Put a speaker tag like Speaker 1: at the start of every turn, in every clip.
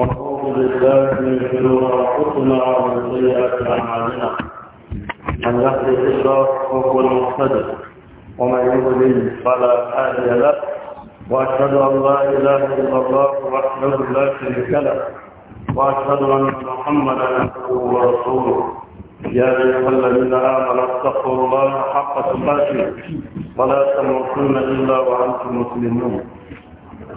Speaker 1: ونعوذ بالله من شرور انفسنا ومن سيئات اعمالنا من يهده الله فهو المقتدر ومن يضلل فلا هادي له واشهد ان لا اله الا الله وحده لا شريك له واشهد ان محمدا عبده ورسوله يا ايها الذين امنوا اتقوا الله حق تقاته ولا تموتن الا وانتم مسلمون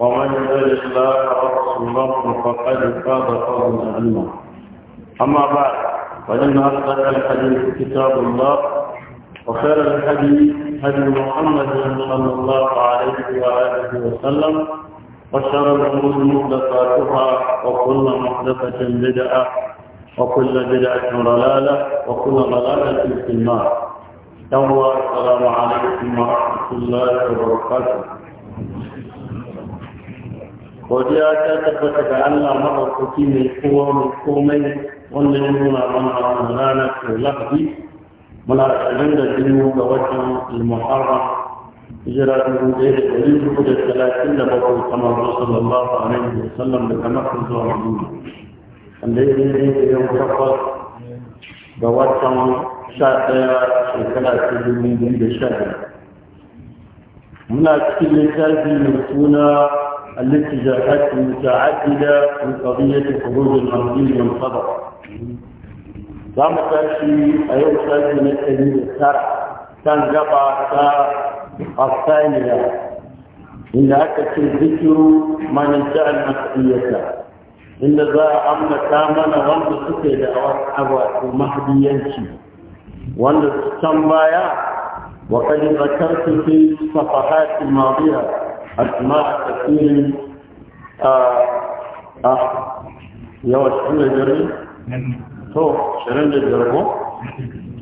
Speaker 1: ومن يطع الله ورسوله فقد فاز فوزا عظيما اما بعد فان اصدق الحديث كتاب الله وخير الحديث هدي محمد صلى الله عليه واله وسلم وشر الامور محدثاتها وكل محدثه بدعه وكل بدعه ضلاله وكل ضلاله في النار السلام عليكم ورحمه الله وبركاته godiya ta tabbata ga Allah maɗaukaki mai kowa mai komai wanda ya nuna mana wannan rana ta lahadi muna ashirin da biyu ga watan al-muharram hijira dubu ɗaya da ɗari hudu da talatin da bakwai kamar sallallahu alaihi wa sallam daga makka zuwa madina wanda ya yi ne da yau takwas ga watan sha ɗaya shekara ta dubu biyu da sha ɗaya muna cikin littafi mai suna التي جاءت في قضية خروج المرضي من قبر لما تأتي أي تأتي من التدين الشرع كان قطع الثانية إن أكت الذكر ما ننسى المسؤولية إن ذا أمن كامل وأن سكر أو مهديانشي وأن تسمى وقد ذكرت في الصفحات الماضية أسماء كثير yawa cikin da to shirin da jirgin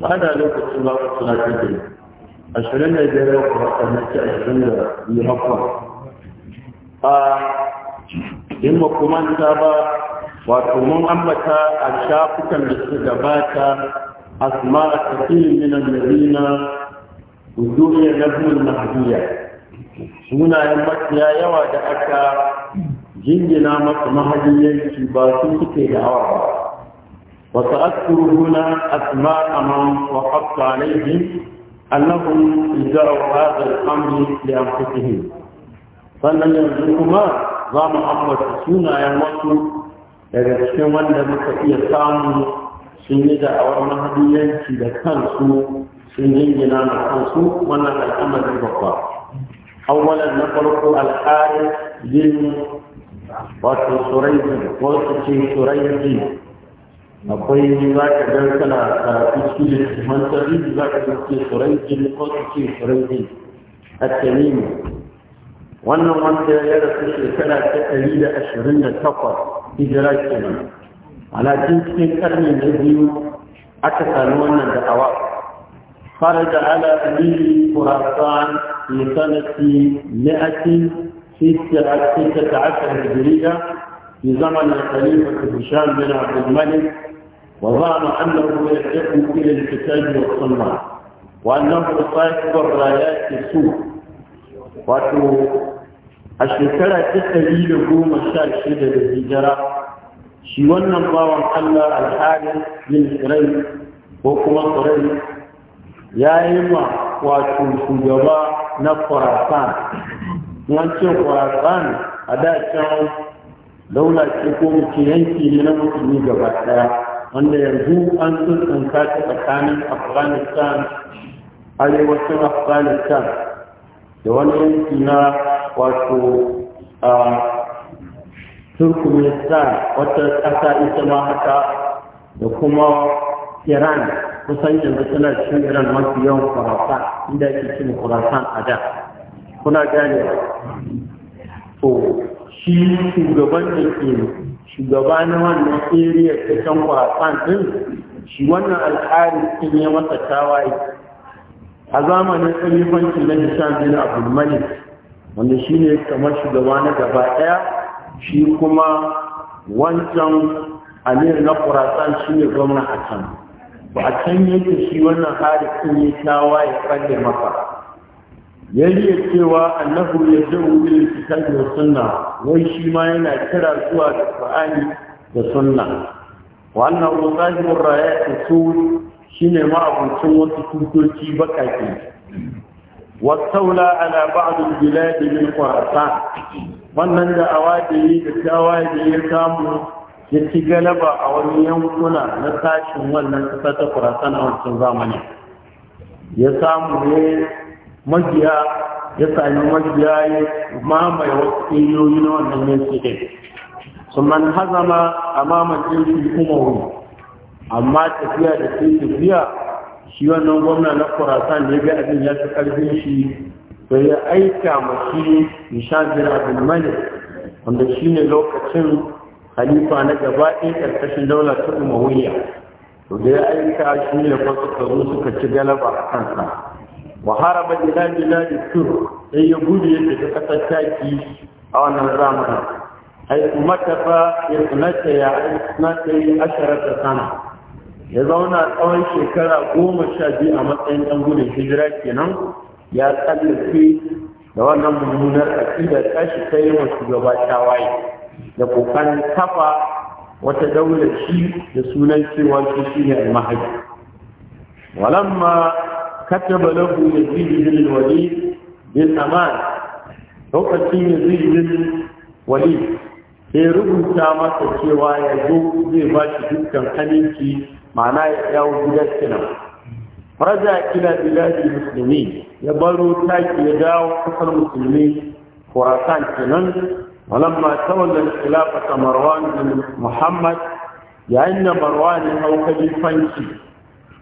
Speaker 1: tsada lokacin ba ku suna cikin ashirin da jirgin ku haka nake ashirin da biyu hakan in ba kuma ta wato mun ambata a shafukan da su gabata asma a tafiyin minan madina na nabul mahdiya sunayen mafiya yawa da aka jingina masa mahajiyanci ba su suke da hawa ba wasu askuruna asma aman wa hafta alaihim annahum ijaru hadha al-amri li anfusihim sannan yanzu kuma za mu ambata sunayen wasu daga cikin wanda muka iya samu sun yi da'awar mahajiyanci da kansu sun jingina da kansu wannan al'amari babba awwalan na farko alhari bin wato suraiji wasu ce suraiji akwai za ka gan kana karatu cikin littattafan tarihi za ka gan ce suraiji wasu ce suraiji a tsanini wannan wanda ya rasu shekara ta ɗari da ashirin da takwas hijira kenan alaƙin cikin karni na biyu aka sami wannan da'awa خرج على أبيه خراسان في سنة مئة ستة ستة هجرية في زمن الخليفة هشام بن عبد الملك وظن أنه يحق إلى الكتاب والسنة وأنه صاحب الرايات السوء وأنه أشكرا تخليل قوم الشعر شدة الهجرة شيوانا الله وحلى الحاجة من قريب وقوم قريب ya yi ma wato shugaba na kwarasan an ce a da can daula ce ko muke yanki ne na musulmi gaba daya wanda yanzu an tsanka ta tsakanin afghanistan arewacin afghanistan da wani yanki na wato a turkmenistan wata ƙasa ita ma haka da kuma iran kusan yanzu suna cikin iran mafi yawan kurasa inda ake cin kurasan a da kuna gane to shi shugaban da ke shugaba na wannan area ta can kurasan din shi wannan al'adun sun yi masa tawaye a zamanin kalifanci na nishan a abdulmalik wanda shi ne kamar shugaba na gaba ɗaya shi kuma wancan amir na kurasan shi ne gwamna a can ba a can yake shi wannan harikin ya shawa ya kalle maka yariya cewa annabu ya jawo bil kitabi wa sunna wai shi ma yana kira zuwa ga qur'ani da sunna wa annahu sahibur rayat usul shine ma abincin wasu tutoci bakake wa saula ala ba'd al bilad min qur'an wannan da awadi da tawaye ya samu ya ci galaba a wani yankuna na sashin wannan kasa ta kurasan a wancan zamani ya samu ne magiya ya sami magiya ya mamaye wasu ƙiriyoyi na wannan yanki ɗin su man hazama a mamakin shi kuma wuri amma tafiya da ke tafiya shi wannan gwamna na kurasan da ya ga abin ya fi ƙarfin shi sai ya aika mashi nishan abin wanda shi ne lokacin halifa na gaba ɗaya ƙarƙashin daular ta umawiya to da ya aika shi ne fa suka zo suka ci galaba a kansa wa haraba ila tur sai ya gudu ya tafi ƙasar taki a wannan zamanin ai matafa ya sunata ya tsanata ya ta sana ya zauna tsawon shekara goma sha biyu a matsayin ɗan gudun hijira kenan ya tsallake da wannan mummunar aƙida tashi ta yi wa shugaba tawaye da kokarin kafa wata daular shi da sunan cewa shi shine al-mahdi walamma kataba lahu yazid bin walid bin aman lokacin yazid bin walid sai rubuta masa cewa ya zo zai ba shi dukkan aminci ma'ana ya yawo gidan kina faraja ila musulmi ya baro taki ya dawo kasar musulmi khurasan kenan ولما تولى الخلافة مروان بن محمد لأن مروان أو خليفانشي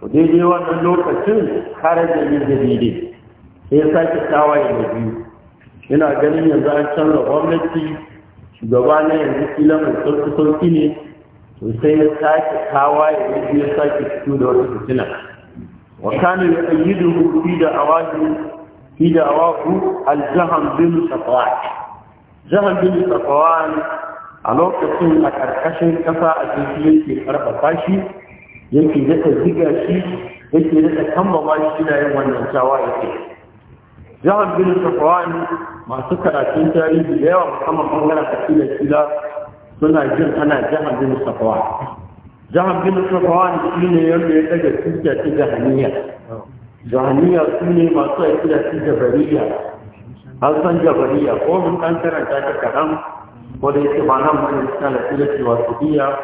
Speaker 1: وديدي وانا لوكا خرج من جديده sai sake tawaye da biyu ina ganin yanzu an canza gwamnati shugaba na yanzu kila mai sauki ne to sai ya sake tawaye da biyu ya sake fito da wata fitina wa kana yu'ayyiduhu fi da awaji da awaku al bin safwan جهل بن صفوان الوقت سن مكركشن كفا أجيسين في الأرب الباشي يمكي جتا زيجاشي يمكي جتا كم بماشي جدا يوان نشاوائي في جهل بن صفوان ما سكر أجيسين تاريب ليوا محمد مغلا تكيل السلا سنة جل أنا جهل بن صفوان جهل بن صفوان سنة يوم يتجد سنة جهنية جهنية سنة ما سكر أجيسين تاريب an san jabariya ko mun ɗan karanta ta kaɗan ko da yake ba nan mana suna da filisi wa sudiya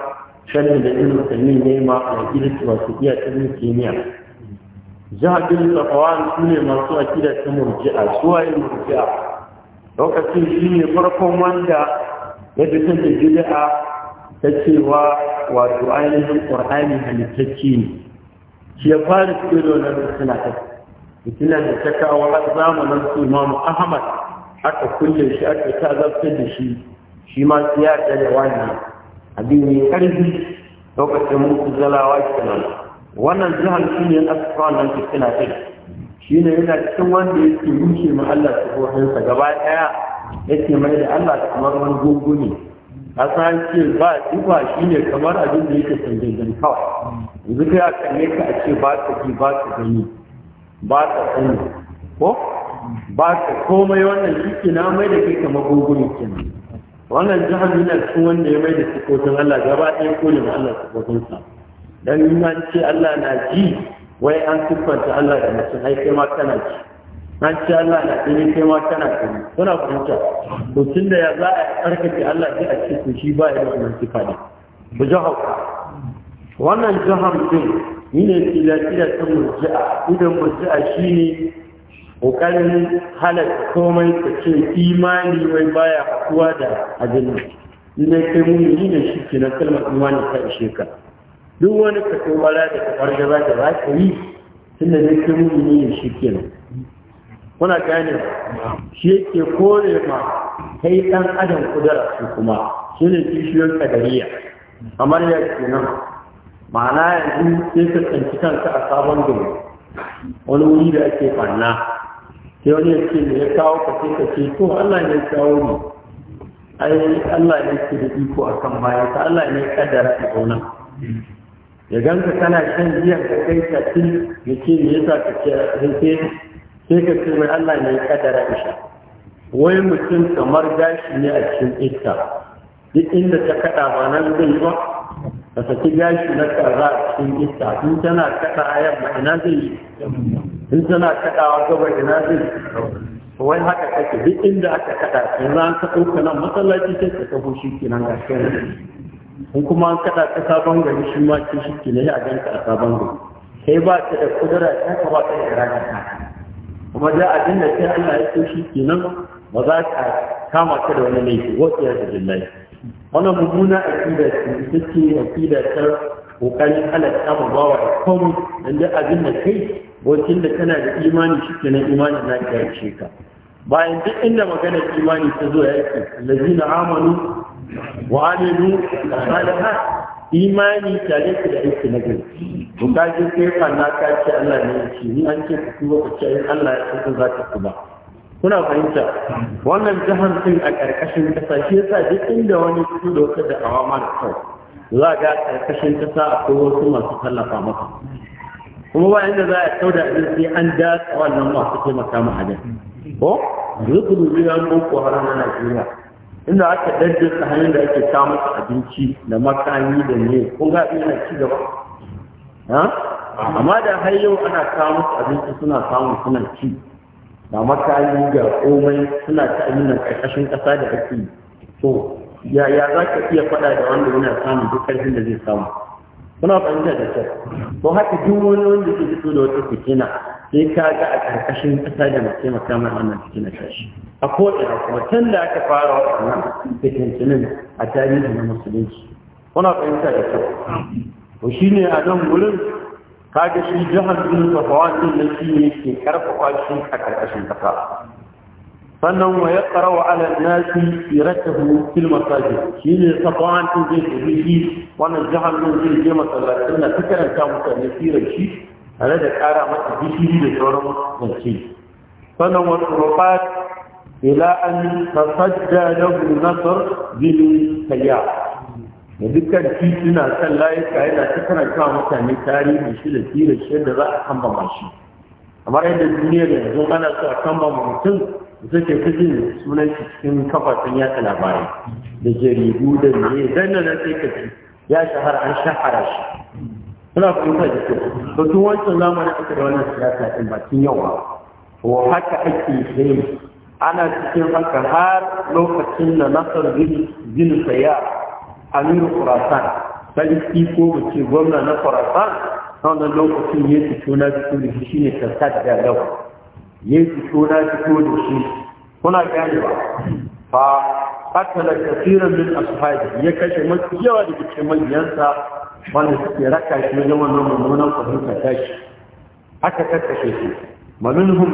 Speaker 1: shan da ibn musulmi ne ma a filisi wa sudiya ta ibn kimiyya jahadin safawan su ne masu akida ta murji'a suwaye murji'a lokacin shi ne farkon wanda ya fitar da bid'a ta cewa wato ainihin qur'ani halittacce ne shi ya fara cikin da wannan suna ta fitilar da ta kawo har zamanin su imamu ahmad aka kulle shi aka ta zartar da shi shi ma ya tsare ne abin mai karfi lokacin mutu zalawa kenan wannan jihar shi ne aka kawo nan fitina ɗin shi ne yana cikin wanda ya ke rushe ma Allah sa gaba ɗaya ke mai da Allah kamar wani gungu kasan ce ba duba shi ne kamar abin da yake sanjajen kawai yanzu kai a kalle ka a ce ba ka ji ba ka gani ba ta tsani ko ba ka komai wannan shi na mai da kika kamar gungunin kenan wannan jihar yana cikin wanda ya mai da sukotun Allah gaba ɗaya ko ne Allah sukotunsa dan yi ma ce Allah na ji wai an siffanta Allah da mutum ai kai ma kana ji an ce Allah na ɗini kai ma kana gani suna fahimta to da ya za a tsarkake Allah sai a ce to shi ba ya da
Speaker 2: wannan sifa ne
Speaker 1: ku jahar wannan jihar din ni ne ƙila-ƙila ta murji'a idan murji'a shi ne ƙoƙarin halatta komai ta ce imani wai baya haɗuwa da abin ne kai ni ne shi ke na kalmar imani ta ishe ka duk wani ka tobara da ka farga za ka za ka yi tun da kai muni ni ne shi ke nan kuna gane shi ke kore ma kai ɗan adam kudura su kuma shi ne kishiyoyin kadariya kamar ya ke nan ma'ana yanzu sai ka tsanci kanka a sabon gari wani wuri da ake ɓanna sai wani ya ce ya kawo ka sai ka ce to Allah ne kawo ni ai Allah ne ke da iko a kan baya ta Allah ne kaddara a zauna ya ganka kana shan giyan ka kai ka ci ya ce me yasa ka ce sai sai ka ce mai Allah ne kaddara sha wai mutum kamar gashi ne a cikin iska duk inda ta kada ba nan zai ba ka saki gashi na karra a cikin iska in tana kaɗa a yamma ina zai yi in tana kaɗawa gaba ina zai yi wai haka kake duk inda aka kaɗa in za ka ɗauka nan masallaci sai ka taho shi kenan ga shi in kuma an kaɗa ka sabon gari shi ma ce shi kenan a ganka a sabon gari kai ba ka da kudura ta ka ba ka da ranar ta kuma da abin da sai Allah ya so shi kenan ba za ka kama ka da wani laifi ya iyyazu billahi wannan mummuna aƙida ce ita ce aƙida ta kokarin halatta mu ba wa komai dan da abin da kai wakin da kana da imani shi kenan imani na karshe ka bayan duk inda magana imani ta zo yake lazina amanu wa amilu salaha imani tare ku da aiki na gari to kaje kai ka ce Allah ne ya ce ni an ce ku ba ku ce Allah ya san za ka ku kuna fahimta wannan jihar din a ƙarƙashin ƙasa shi yasa duk inda wani su da wata da'awa mara kyau za ga ƙarƙashin ƙasa ko wasu masu tallafa maka kuma ba inda za a kauda abin sai an da wannan masu taimaka ma hajjar ko zuku dubi na boko haram na najeriya inda aka daddasa hanyar da ake samu abinci da makami da ne kun ga ina ci gaba amma da har yau ana kawo musu abinci suna samu suna ci ba makayi ga komai suna ta ayyukan ƙarƙashin ƙasa da ake yi ya ya za ka iya faɗa da wanda yana samun duk ƙarfin da zai samu kuna fahimta da kyau ko haka duk wani wanda ke fito da wata fitina sai ka ga a ƙarƙashin ƙasa da mace maka mai wannan fitina ta shi a ko'ina kuma da aka fara waɗannan fitintinin a tarihi na musulunci kuna fahimta da kyau to shine a nan gurin kaga shi jihar din safawatin na shi ne ke karfafa shi a karkashin kasa sannan wa ya tsarawa ala nasi siratahu fil masajid shi ne safawatin zai tafi shi wannan jihar din zai je masallacin na ta karanta mutane sirar shi tare da kara masa gishiri da sauran zance sannan wa turbat ila an tasadda lahu nasr bil tayyar da dukkan tituna kan layuka yana ta karanta mutane tarihin shi da sirar shi da za a kambama shi kamar yadda duniyar yanzu ana so a kambama mutum da take kujin sunan shi cikin kafafen yatsa labarai da jaridu da ne dan nan sai ka ci ya shahara an shahara shi Kuna fahimta da kyau to tun wancan zamanin aka da wannan siyasa din bakin yawa to haka ake yi ana cikin haka har lokacin da nasar bin bin aminu Khurasan sarki ko mu ce gwamna na Khurasan a wannan lokacin ya fito na fito da shi ne Sassad da Lawa ya fito na fito da shi kuna gane ba fa katala kafiran min ashabi ya kashe mafi yawa da cikin manyansa wanda suke raka shi wajen wannan mummunan fahimta tashi aka kakkashe shi wa minhum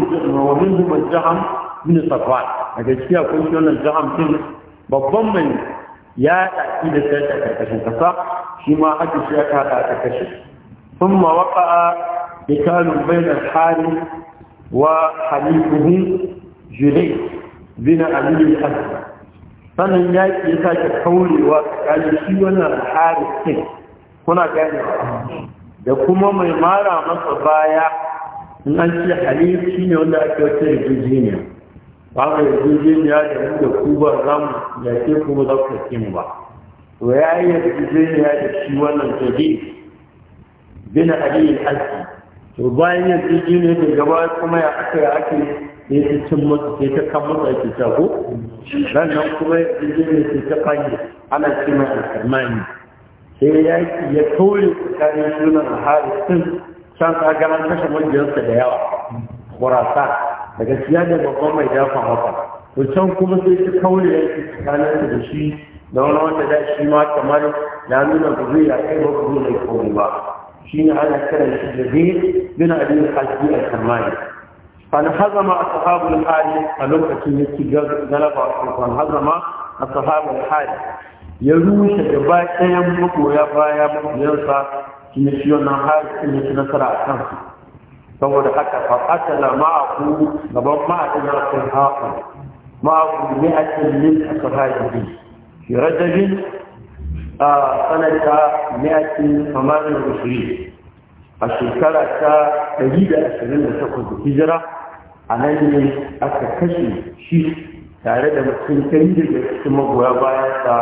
Speaker 1: wa minhum al-jaham min safwan daga kun shi wannan jaham din babban mai ya ɗaki da sai ta ƙarƙashin ƙasa shi ma hajji shi ya kaɗa a karkashin sun ma waƙa da kanun bainar hari wa halifuhu jirai bina aliyu al sannan yaƙi ya sake kaurewa tsakanin shi wannan hari sai kuna gane da kuma mai mara masa baya in an ce halif shi ne wanda ake wata yarjejeniya ba mu yarjejeniya da mu da ku ba za mu yake ku ba za ku yake mu ba to ya yi ya da shi wannan tabi bin ali al-azdi to bayan ne da gaba kuma ya aka ya ake da ya cin musu sai ta kan musu ake ta ko sannan kuma ne sai ta fanye ana ce mai alkalmani sai yi ya tore tsakanin sunan harisun can ka ganin kashe majiyarsa da yawa kurasa da gaskiya da babban mai dafa maka to can kuma sai ta ya yake tsakanin da shi da wani wanda da shi ma kamar ya nuna ba zai ya kai ba ku zai komai ba shi ne ana kiran shi da zai bin abin haƙi a kamani fan hazama ashabul hali a lokacin yake galaba fan hazama ashabul hali ya rushe gaba ɗayan magoya baya magoyansa shi ne shi wannan hali sun yi nasara a kansu saboda haka fa qatala ma'ahu gaban ma'adin akan haku ma'ahu mi'atin min ashabihi fi rajabin a sanata mi'atin samanin rusuli a shekara ta 128 hijira a nan ne aka kashe shi tare da mutum kai da daga cikin magoya bayan sa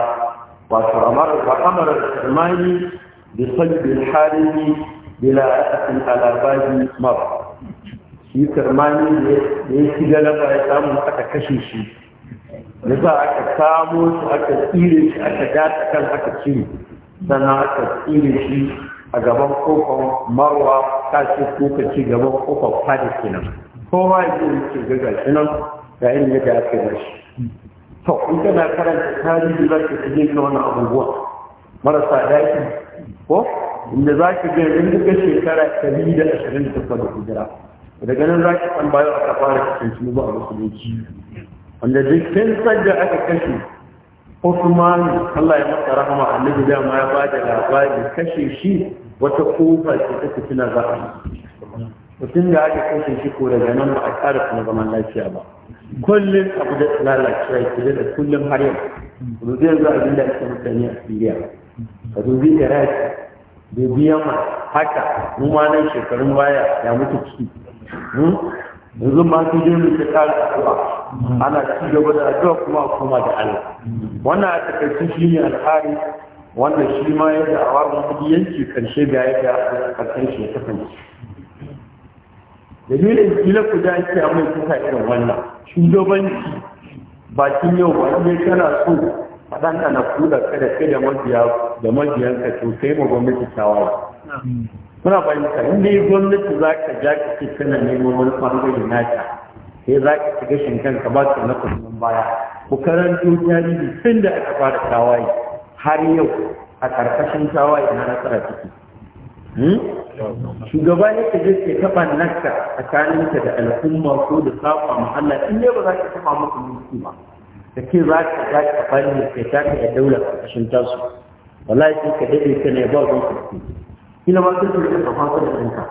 Speaker 1: wato amara ba amara da salmani da sabbin harini bila ra'atin alabaji mara shi karmani da ya ci galaba ya samu aka
Speaker 2: kashe shi ya
Speaker 1: sa aka samo shi aka tsire shi aka gata kan aka cire sannan aka tsire shi a gaban kofar marwa ta ce ko ka kofar fadi kenan kowa ya ce ga gashi nan ga yin yadda aka yi shi to in kana karanta tarihi za ka ci jin wani abubuwa marasa daɗi ko inda za ki ga in duka shekara ɗari da ashirin da takwas hijira daga nan za ki san bayan aka fara kasance su ba a musulunci wanda duk san da aka kashe Usman Allah ya masa rahama annabi da ma ya ba da labari kashe shi wata kofa ce ta fitina za a mutum da aka kashe shi ko daga nan ba a ƙara kuma zaman lafiya ba kullum abu da lalacewa ya da kullum har yau yanzu abin da ake mutane a Siriya a dubi Iraq bai biya ma haka mu ma nan shekarun baya ya mutu ciki hmm? yanzu ma sun jirgin ta kara ana ci gaba da addu'a kuma kuma da Allah wannan a takaice shi ne alhari wanda shi ma yadda a mun kudi yanki karshe ga yadda karshen shi ya kasance dalilin kila ku da ake amai kusa irin wannan shugabanci bakin yau ba ne kana so faɗan na kula kada kai da majiya da majiyanka to sai mu gwamnati shawara muna fahimta in dai gwamnati za ka ja ka ce kana neman wani ɓangare naka sai za ka shiga shinkan ka ba ka na kusurin baya ku karanto tarihi tun da aka fara tawaye har yau a ƙarƙashin tawaye na nasara ciki hmm? shugaba ne ka je ke taɓa naka tsakaninka da al'umma ko da saba mahalla in dai ba za ka taɓa musu mulki ba ka ce za ka ta ka da ka ta ka daula ƙarƙashin tasu wallahi sai ka daɗe ka ne ba ruwan ka ce kila ma sai ka rika ka fasa da ɗinka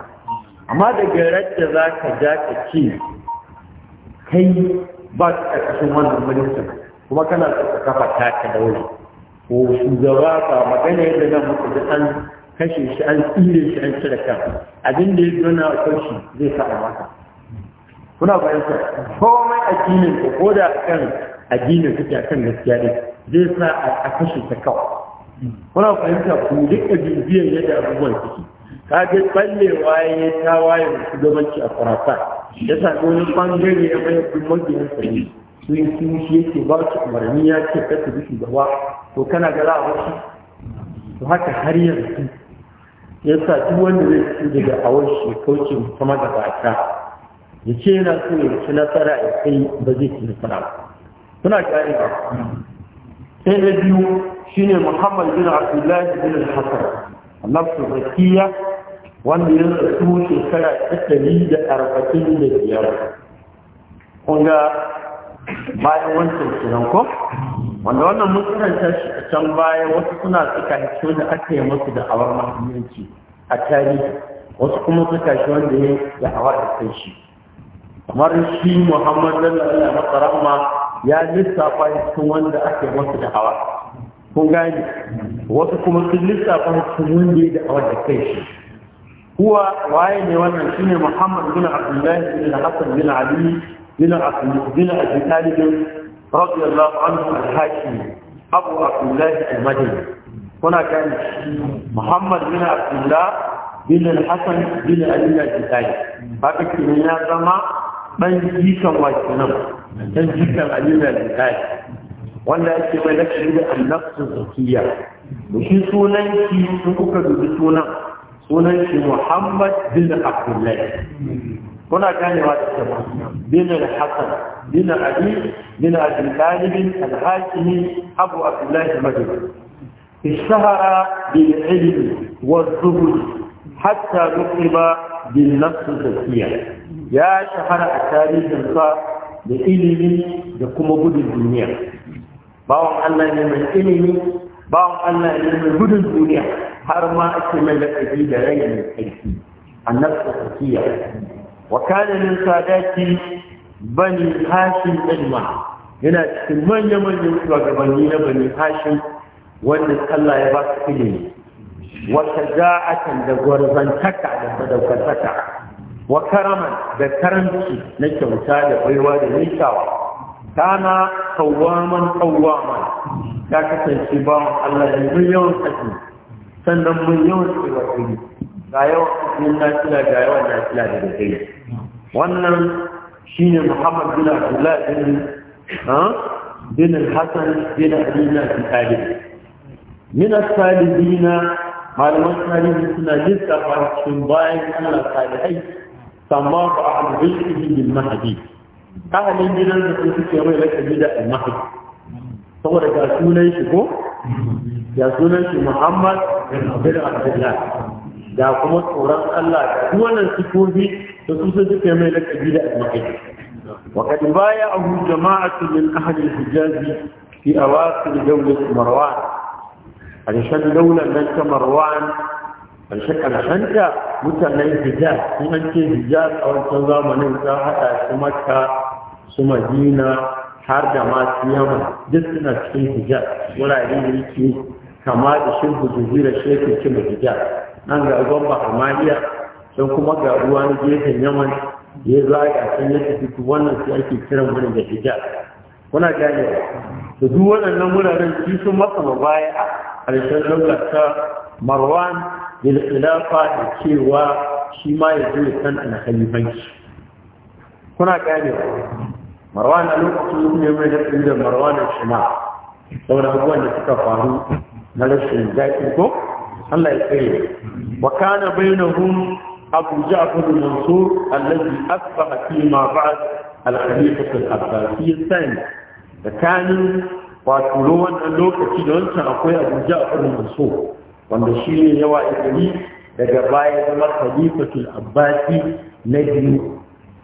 Speaker 1: amma da garar da za ka ja ka ce kai ba ka ƙarƙashin wannan mulkin kuma kana so ka kafa ta ka daula ko shugaba ba magana yadda zan muka da an kashe shi an tsire shi an cire kan abin da ya nuna a kan shi zai sa a maka kuna bayan komai addinin ko da kan addinin kake akan gaskiya ne zai sa a kashe ta kawai kuna fahimta ku duka bibiyan yadda abubuwan suke ka ga ballewa ya yi tawaye shugabanci a faransa ya sa wani bangare ya bayar da magiyan sani su yi su shi yake ba su umarni ya ce ka su bi shugaba to kana ga za a wasu to haka har yanzu ya sa duk wanda zai fito daga awon shi kauce sama da baka ya ce yana so ya ci nasara ya kai ba zai ci nasara ba suna ƙa'ida sai na biyu shine muhammad bin abdullahi bin al-hasan nafsu zakiya wanda ya rasu shekara ɗari da arba'in da biyar kunga bayan wancan kenan ko wanda wannan mun karanta shi a can baya wasu suna suka hito da aka yi musu da awar mahimmanci a tarihi wasu kuma suka shi wanda ya da awar da kai shi kamar shi muhammad sallallahu alaihi wasallam ya lissafa cikin wanda ake wasu da hawa kun gani wasu kuma sun lissafa cikin wanda ya da hawa da kai shi kuwa waye ne wannan shine Muhammad bin Abdullahi bin Hassan bin Ali bin Abdullah bin Abi Talib radiyallahu anhu al-Hashimi Abu Abdullah al-Madini kuna gani Muhammad bin Abdullahi, bin Hassan bin Ali al-Talib haka kin ya zama ɗan jikan waki nan ɗan jikan alina da kai wanda ake mai na shi da annabtu zakiya shi sunan shi sun kuka dubi sunan sunan shi muhammad bin abdullahi kuna ganewa da ta bin al-hasan bin ali bin abdul talib al-hakimi abu abdullahi madani اشتهر بالعلم والزهد حتى لقب bin nafsu zakiya ya shahara a tarihinsa da ilimi da kuma gudun duniya bawan Allah ne mai ilimi bawan Allah ne mai gudun duniya har ma ake mai laƙabi da rai mai aiki a nafsu zakiya wa kana min sadati bani hashim ilma yana cikin manya-manyan shugabanni na bani hashim wanda Allah ya ba su ilimi وشجاعة دغورزان تكا دغورزان وكرما da نكوتا دغيوا دنيشاوا كان قواما قواما ya kasance ba. Allah ne mun yawan kashi sannan mun yawan cewa yi, ga yawan na nasila ga yawan nasila da dare wannan shine Muhammad bin Abdullah bin bin Hassan bin Ali bin Talib min as-salibina malaman tarihi suna fara cikin bayan Allah salihai samma ba a yi bil mahdi ahalin gidan da sun suke mai laka da al mahadi saboda ga sunan shi ko ga sunan shi Muhammad bin Abdullah Da kuma tsoron Allah da wannan sifofi da su sun suke mai lakabi da al mahdi وقد بايعه جماعة من أهل الحجاز في أواخر دولة مروان ƙarshen daular nan ta marwan ƙarshe ƙarshenta mutanen hijaz sun an ce hijaz a wancan zamanin ta haɗa su makka su madina har da masu yamma duk suna cikin hijaz wurare da yake kama da shirgu jazira shekin cima hijaz nan ga ruwan bahamaliya don kuma ga ruwa na gefen yaman ya zaga sun ya tafi wannan sai ake kiran wani da hijaz kuna gane da duk waɗannan wuraren shi sun masa mabaya a ƙarshen lokacin marwan bil da cewa shi ma ya je san an khalifanci kuna gane marwan a lokacin ne mai da da marwan shima saboda abubuwan da suka faru na rashin zaƙi ko Allah ya tsaye wa kana bainahum أبو جعفر المنصور ma أصبح فيما بعد الخليفة العباسي الثاني tsakanin wato wannan lokaci da wancan akwai abuja a kuma maso wanda shi ne yawa ikali daga baya zama khalifatul abbasi na biyu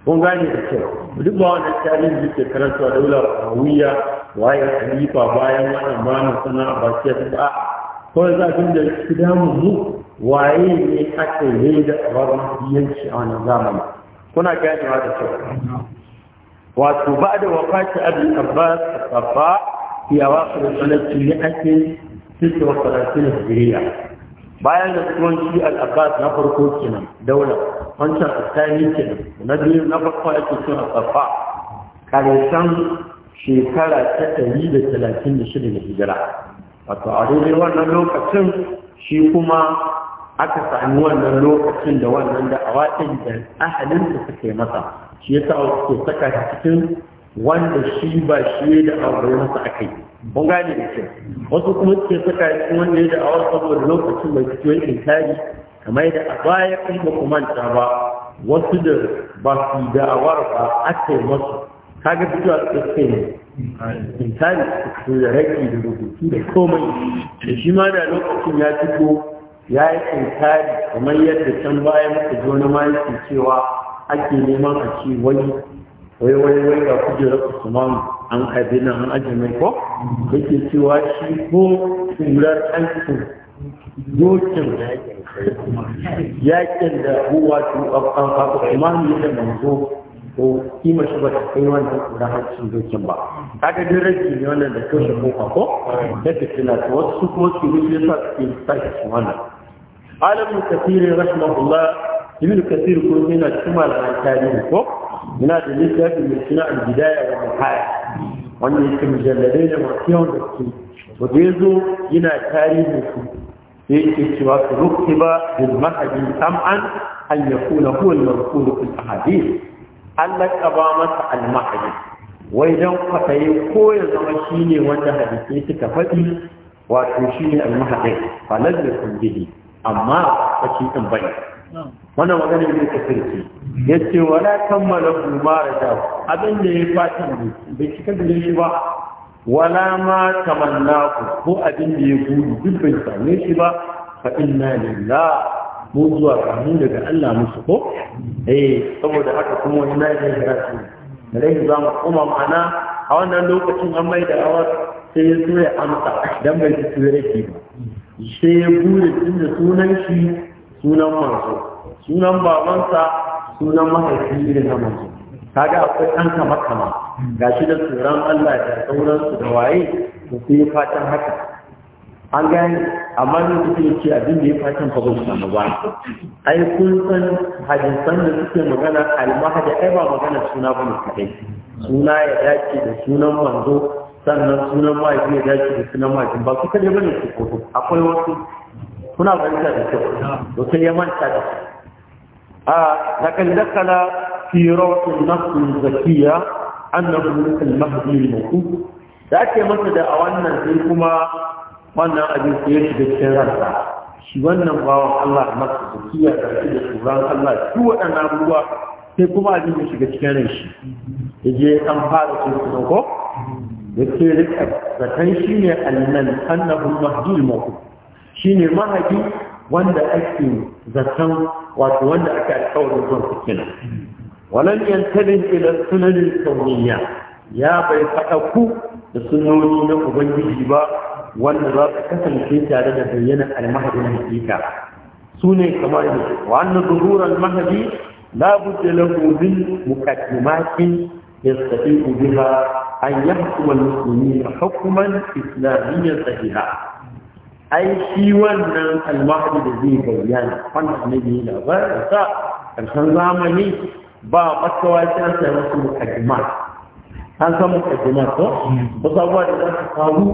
Speaker 1: kun gane da kyau duk ba wannan da ke karanta daular rawiya waye khalifa bayan wannan ba na sana abbasiya ta ba ko za a da su damu mu waye ne aka yi da tsaron biyanci a wannan zamani kuna gane da kyau wato ba da wafati abin abbas safa ya wasu da ne ake sita wa faransin bayan da tsohon shi al'abbas na farko kenan daula wancan asali kenan na biyu na farko ake cewa safa karshen shekara ta ɗari da talatin da shida da hijira wato a daidai wannan lokacin shi kuma aka sami wannan lokacin da wannan da awaɗin da ahalin suka yi masa shi yasa wasu ke saka shi cikin wanda shi ba shi da aure masa a kai ban gane da shi wasu kuma suke saka shi cikin wanda ya da aure saboda lokacin bai fito yin inkari kamar yadda a baya kun ba ta ba wasu da ba su da awar ba a yi masu kaga fitowa suke suke ne inkari su da raki da rubutu da komai da shi ma da lokacin ya fito ya yi inkari kamar yadda can baya muka ji wani ma yake cewa ake neman a ce wani wai wai wai ga kujerar usman an haife nan an ajiye mai ko yake cewa shi ko turar aikin dokin yakin da huwa tu an faɗa usman ne da manzo ko kima shi ba ta kai wannan turar aikin dokin ba kaga duk rage ne wannan da toshe kofa ko da fitina to wasu kuma su rufe sa su ke sa shi wannan alamun kafirin rahimahullah ibn kasir ko yana cikin malaman tarihi ko yana da littafin mai suna al-bidaya wa nihaya wanda yake mujalladai da masu yawan da gaske wanda ya zo yana tarihin su sai yake cewa su rukki ba bil mahadi sam'an an yakuna huwa al-mawqul fil ahadith an laqaba masa al-mahadi wai dan kwataye ko ya zama shine wanda hadisi suka faɗi wato shine al-mahadi fa lazzakum bihi amma fashi din bane wannan magana ne ta kirki ya ce wala kammala kumara da abin da ya fata ne bai cika da shi ba wala ma tamanna ku ko abin da ya gudu duk bai same shi ba fa inna lillah mu zuwa kamun daga Allah musu ko eh saboda haka kuma wani na yin hirashi da rai za mu kuma ma'ana a wannan lokacin an mai da awar sai ya so ya amsa dan bai
Speaker 2: ci ba
Speaker 1: sai ya bude tunda sunan shi sunan manzo sunan babansa sunan mahaifi irin na manzo kaga akwai ɗan kama kama ga shi da tsoron Allah da sauransu da waye su yi fatan haka an gani amma ne kuke ce abin da ya fatan fa bai samu ba ai kun san hadisan da suke magana almahadi ai ba magana suna ba bane kadai suna ya dace da sunan manzo sannan sunan mahaifi ya dace da sunan mahaifi ba su ba ne su akwai wasu kuna fahimta da kyau to sai ya manta da a lakan dakala fi rawatun nafsin zakiya annahu al-mahdi al-mawquf da ake masa da a wannan sai kuma wannan abin sai ya shiga cikin ranta. shi wannan bawan Allah masa zakiya da shi da tsoron Allah shi waɗannan abubuwa sai kuma abin ya shiga cikin ran shi ya je an fara cikin ko da ke rika zaton shi ne annan annabin mahdi al-mawquf shine mahadi wanda ake zaton wato wanda ake alƙawarin zuwa cikina walan yantabin ila sunanin kauniya ya bai faɗa ku da sunoni na ubangiji ba wanda za su kasance tare da bayyana almahadi na hakika su ne kamar da wannan zuhuran mahadi la budda lahu min muqaddimatin yastati'u biha an yahkuma al-muslimina hukman islamiyyan sahiha ai shi wannan almahdi da zai bayyana wannan ne ne labarin sa karshen zamani ba matsawa sai an sai wasu mukaddimat an san mukaddimat ko wasu abubuwa da za su faru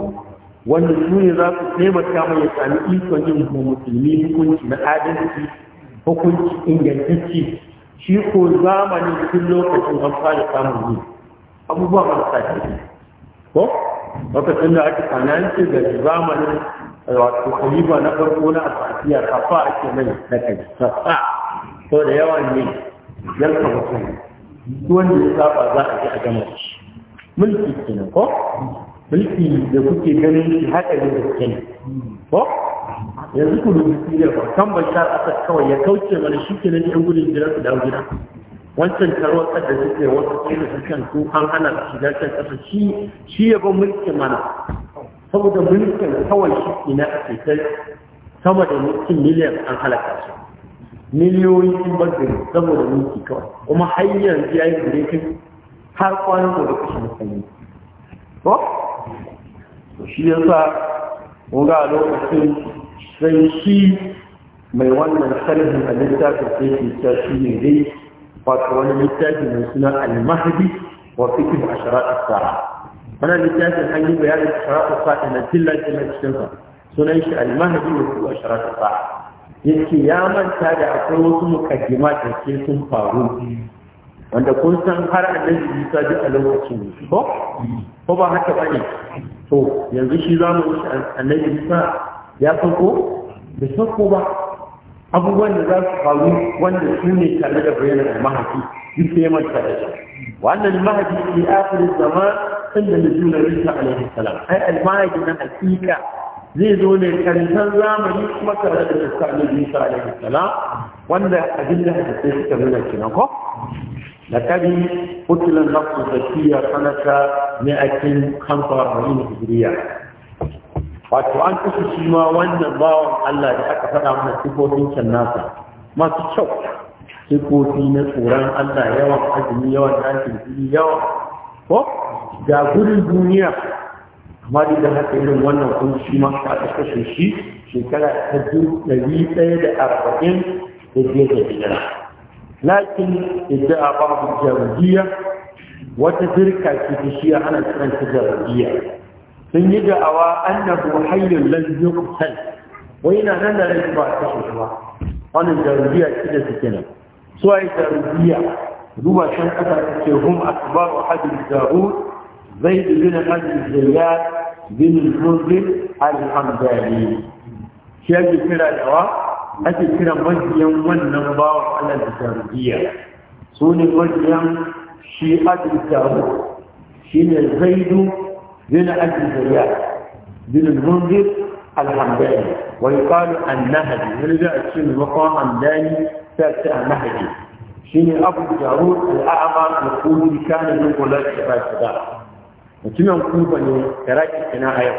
Speaker 1: wanda su ne za su taimaka mai ya sami ikon yin musulmi hukunci na adalci hukunci ingantacci shi ko zamanin cikin lokacin an fara samun yi abubuwa marasa ko lokacin da ake sanance da zamanin wato khalifa na farko na asasiya safa ake mai na kai safa to da yawa ne yalka mutum wanda ya saba za a ji a gama shi mulki kenan ko mulki da kuke ganin shi haka ne gaske ko
Speaker 2: yanzu ku rubuci da
Speaker 1: kan bashar asad kawai ya kauce mana shi ke nan yan gudun jira su dawo gida wancan tarwatsar da suke wasu kai da su kan su an hana shiga can kasa shi ya ban mulki mana saboda mulkin kawai shi ina ake kai sama da mutum miliyan an halaka su miliyoyi sun bar saboda mulki kawai kuma har yanzu ya yi gare kai har kwanan gobe kashe mutane ko shi yasa kun ga lokacin sai shi mai wannan sharhin a littafin sai ke cewa shi ne dai wato wani littafi mai suna al-mahdi wa fikr asharat as-sa'a wannan littafin an yi bayanin sharatu fa'a na jillar jillar cikinsa sunan shi al-mahdi kuma huwa sa'a ya ce ya manta da akwai wasu mukaddima da ke sun faru wanda kun san har annabi Isa duk a lokacin ko ko ba haka bane to yanzu shi za zamu shi annabi Isa ya farko da farko ba abubuwan da za su faru wanda su ne tare da bayanin mahaifi duk sai manta da shi wannan mahaifi ya fi zaman inda nuzula Isa alaihi salam ai almajin nan hakika zai zo ne karshen zamani kuma tare da iska alaihi Isa alaihi salam wanda abin da hadisi suka nuna kenan ko لقد قتل النفس الزكية سنة 245 هجرية wato an kashe shi ma wannan bawan Allah da aka faɗa mana sifofin can nasa masu kyau sifofi na tsoron Allah yawan azumi yawan nasiri yawan ko ga gudun duniya amma duk da haka irin wannan kunshi ma aka kashe shi shekara ta dubu ɗari ɗaya da arba'in da biyar da biyar lakin idan a babu jarudiya wata firka ce ta shi ana kiranta jarudiya sun yi da'awa annabu hayyun lan yuqtal wai na nan da rai ba ta shi ba wannan jarudiya ce da suke nan su ai jarudiya دوبا شان اثر كثيرهم اكبر احد الزاغوت زيد بن قد الزيات بن المنذر الحمداني شاك في العراق اتي كرا مجيا والنبا على الزاغوتية سوني مجيا شيء قد الزاغوت شين زيد بن قد الزيات بن المنذر الحمداني ويقال النهدي ولذلك اتشين وقا حمداني تاتي النهدي shine abu jaru al'ama da kudi kana min kula da shiga mutumin kuba ne karaki kina a yau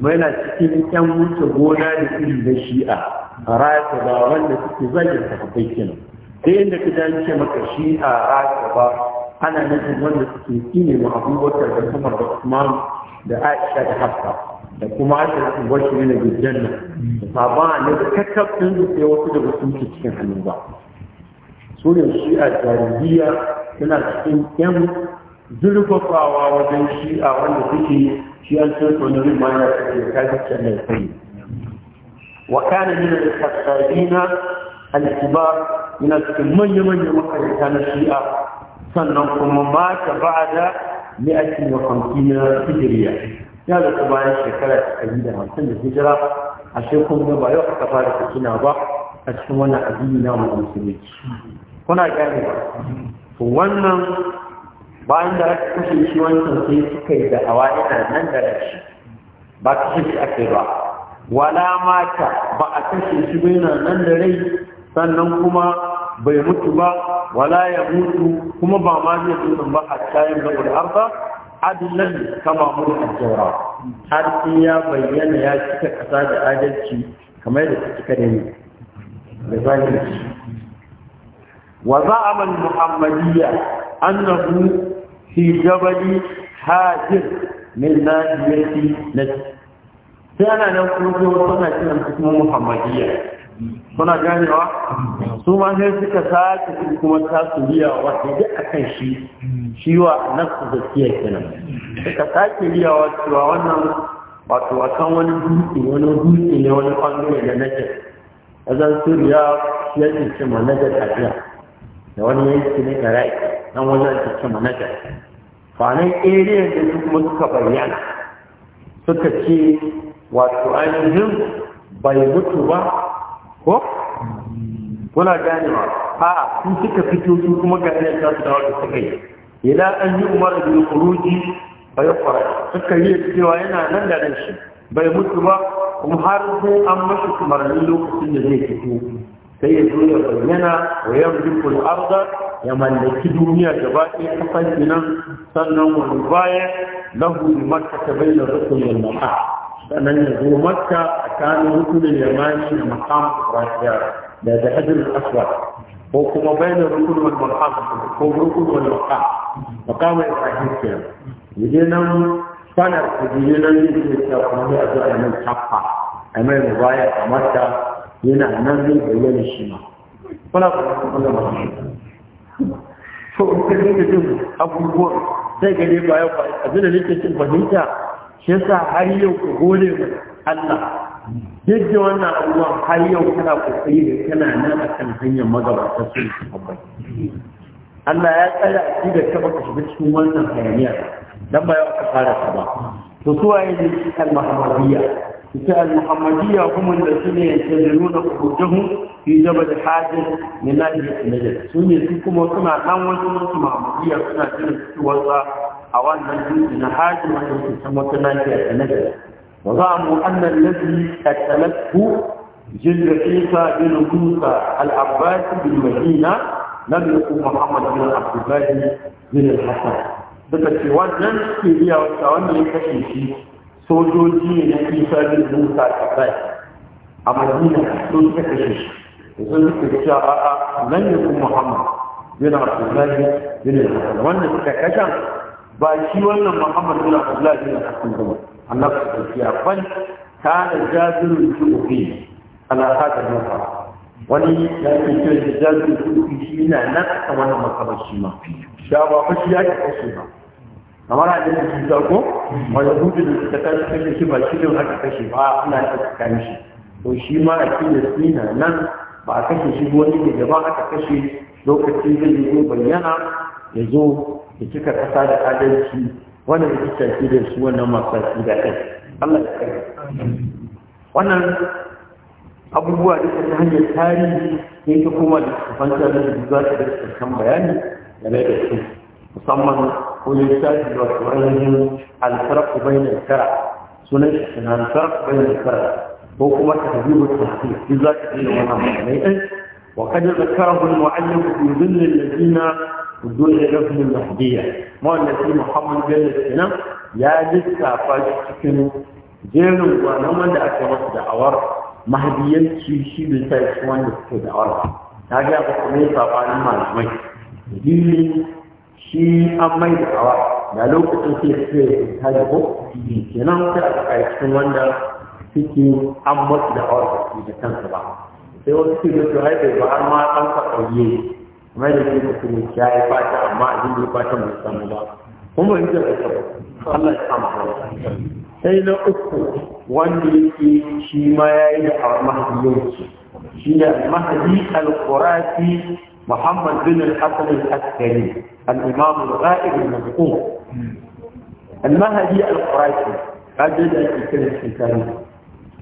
Speaker 1: mai cikin yan wuce gona da iri na shi'a a rata ba wanda suke zagin sahabbai kenan sai inda ka dan ce maka shi'a rata ba ana nufin wanda suke kine mu abubakar da kuma da usman da aisha da hafsa da kuma ashirin wasu ne na gujen nan ba ba ne da kakkafin sai wasu daga sun cikin hannu ba sunan shi'a jaribiya suna cikin yan zurfafawa wajen shi'a wanda suke shi an san sonorin ma ya ce kafin mai kai wa kana min al-kasabina al yana cikin manya-manya manyan makaranta na shi'a sannan kuma mata ta ba'da mi'atin wa na hijriya ya da ta bayan shekara ta da hamsin da hijira a shekun da ba yau aka fara fitina ba a cikin wannan addini na musulunci kuna ba, to wannan bayan da aka kushe shi wancan sai suka yi da hawa yana nan da rashi ba kashe shi aka ake ba wala mata ba a kashe shi ba yana nan da rai sannan kuma bai mutu ba wala ya mutu kuma ba ma zai tsunan ba a cayan da ƙul'arba adilan kama mutu a jaura har sai ya bayyana ya cika kasa da adalci kamar da ta cika da ne da yi. وزعم المحمدية أنه في جبل هاجر من ناحية نجد سأنا نقول وصلنا كلام اسمه محمدية suna ganewa su ma sai suka sake su kuma ta su biya wata duk a kan shi ciwa na kenan suka sake biyawa cewa wannan wato a kan wani dutse wani dutse ne wani bangare da nake a zan suriya ya ce ma nake tafiya da wani yanki na iraq nan wani ake cima kwanan gari da su kuma suka bayyana suka ce wato ainihin bai mutu ba ko kuna ganewa a sun suka fito su kuma gane ta su da wata suka yi ila an yi umar bin kuruji bai fara suka yi cewa yana nan da nan shi bai mutu ba kuma har sai an mashi kumarni lokacin da zai fito sai ya zo ya bayyana wa yamliku al-arda ya mallaki duniya gaba ɗaya kasan kenan sannan wani baya lahu bi makka ta bayyana rukun wal maqam sannan ya zo makka a tsakanin rukunin yamani da maqam ibrahim da da hajar aswad ko kuma bayyana rukun wal maqam ko rukun wal maqam maqam ibrahim kenan yaje nan sanar da yaje nan ne ta kuma a zo a nan kafa a mai mubaya a makka yana nan zai bayyana shi ma kuna kuma ba so in ka dinga jin abubuwan sai gane baya ba abin da nake cin fahimta shi yasa har yau ku gode mu Allah duk da wannan abubuwan har yau kana kokari da kana nan akan
Speaker 2: hanyar magabata sun tabbai
Speaker 1: Allah ya tsaya a ci da ka baka shiga cikin wannan hayaniya dan ba ya ka fara ta ba to suwaye ne kan mahammadiyya ita al-muhammadiyya kuma da su ne ke da nuna kujuhu fi da hajin min lahi najat su ne su kuma suna dan wasu musu muhammadiyya suna jin cewa a wannan jirgin na hajin wanda ke san wata lafiya ta najat wa za'amu anna allazi qatalathu جل fesa بن موسى العباس bin madina يكن محمد بن عبد الله bin الحسن. Daga ce wannan ke biya wata wannan ya kashe shi sojoji ne na isa bin musa kafai a madina sun suka kashe shi sun suka cewa a'a nan ne kuma muhammad bin abdullahi bin al wannan suka kashe ba shi wannan muhammad bin abdullahi bin al-hasan ba annabi suka ce ban kana jazirin tuqi ala hada musa wani ya ce cewa jazirin tuqi shi na nan a wannan makamashi ma sha ba shi ya kashe ba kamar a jinin cutar ko wani hudu da ta kashe shi ba shi ne aka kashe ba ana aka kashe shi to shi ma a cikin sina nan ba a kashe shi wani ne da ba aka kashe lokacin ya yi bayyana ya zo ya cika kasa da adalci wannan ita shafi da su wannan masu da kai Allah ya kai wannan abubuwa da ta hanyar tarihi ne ta kuma da kafanta da za ta da kan bayani game da su musamman wani littafi da wasu ainihin alfarku bai da kara sunan shi na alfarku bai da kara ko kuma ta tafi ba ta fi shi za ka daina wannan bayanai ɗin wa kada da kara wani mu'ayyar ku zullin da zina zuwa da rafin mahdiya mawallafi muhammad bello kenan ya lissafa shi cikin jerin gwanon wanda aka masa da'awar mahdiyanci shi bai sa shi wanda suke da'awar ta ga ba kuma yi saɓanin malamai dalilin shi an mai da awa da lokacin sai su yi ta da ko kenan sai a cikin wanda suke an masu da awa da su da kansa ba sai wasu su yi tsohai da ba har ma an ka ɗauye mai da ke mutum ya yi fata amma a da fata mai samu ba kuma yi da kyau Allah ya samu sai na uku wanda yake shi ma ya yi da awa mahadiyanci shi ne mahadi al-qurati محمد بن الحسن العسكري الإمام الغائب المذكور المهدي القرشي أجل في الكتاب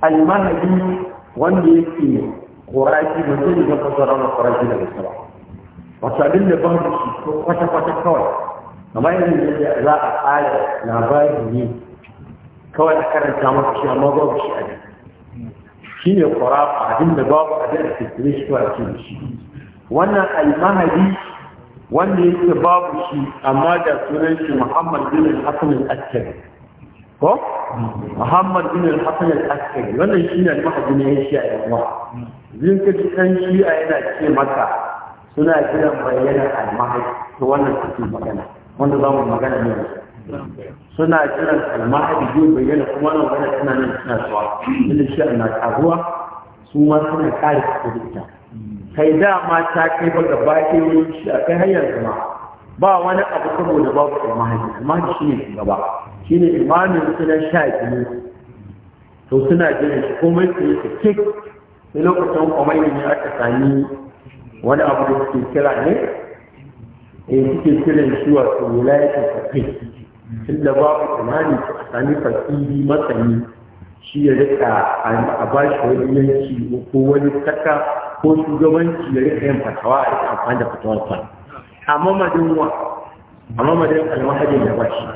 Speaker 1: المهدي wanda yake ƙorafi da zai ga fasara na ƙorafi daga sama wata abin da ba shi ko kwata-kwata kawai kamar yanzu da za a ƙara labari ne kawai a karanta maka shi amma babu shi a shi ne babu shi wannan almahadi wanda yake babu shi amma da sunan shi muhammad bin al-hasan al-askari ko muhammad bin al al-askari wannan shi ne almahadi ne shi a yawa zin ka ji kan shi a yana ce maka suna kiran bayyana almahadi to wannan suke magana wanda za mu magana ne suna kiran almahadi ya bayyana kuma wannan magana suna nan suna tsawa inda shi na karuwa su ma suna kare su da ita kai dama ta kai ba gaba ɗaya wurin shi a kai hanyar zama ba wani abu saboda babu imani imani shi ne gaba shi ne imanin suna sha biyu to suna jira shi komai su yi kake sai lokacin kwamai ne aka sami wani abu da suke kira ne e suke kiran shi wato wilayatul faqih da babu imani a sami fasiri masani shi ya rika a bashi wani yanki ko wani saka ko shugabanci ya rika yin fatawa a rika amfani da fatawarsa amma madin wa amma madin almahajin da bashi.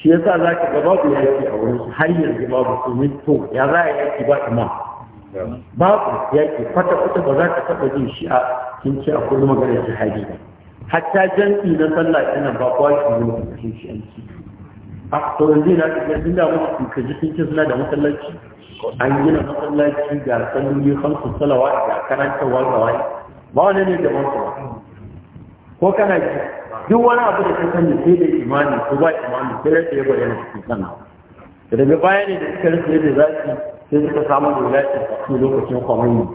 Speaker 1: shi ya sa za ka ga babu yaki a wurin har yanzu babu domin to ya za a yaki ba imam babu ya yaki kwata kwata ba za ka taɓa jin shi a kin ce magana maganar jihadi ba hatta jan'i na sallah ina ba kwa shi ne a cikin shi an ci a to yanzu na cikin da mutum ka ji kin ce suna da masallaci an gina masallaci ga sanyi hamsu salawa ga karanta wazawa ba wani ne gaban su ko kana ji duk wani abu da ka sani sai da imani ko ba imani sai rasa ya bayyana cikin sana da daga baya ne da suka rasa yadda za su sai suka samu da za a cikin lokacin kwamani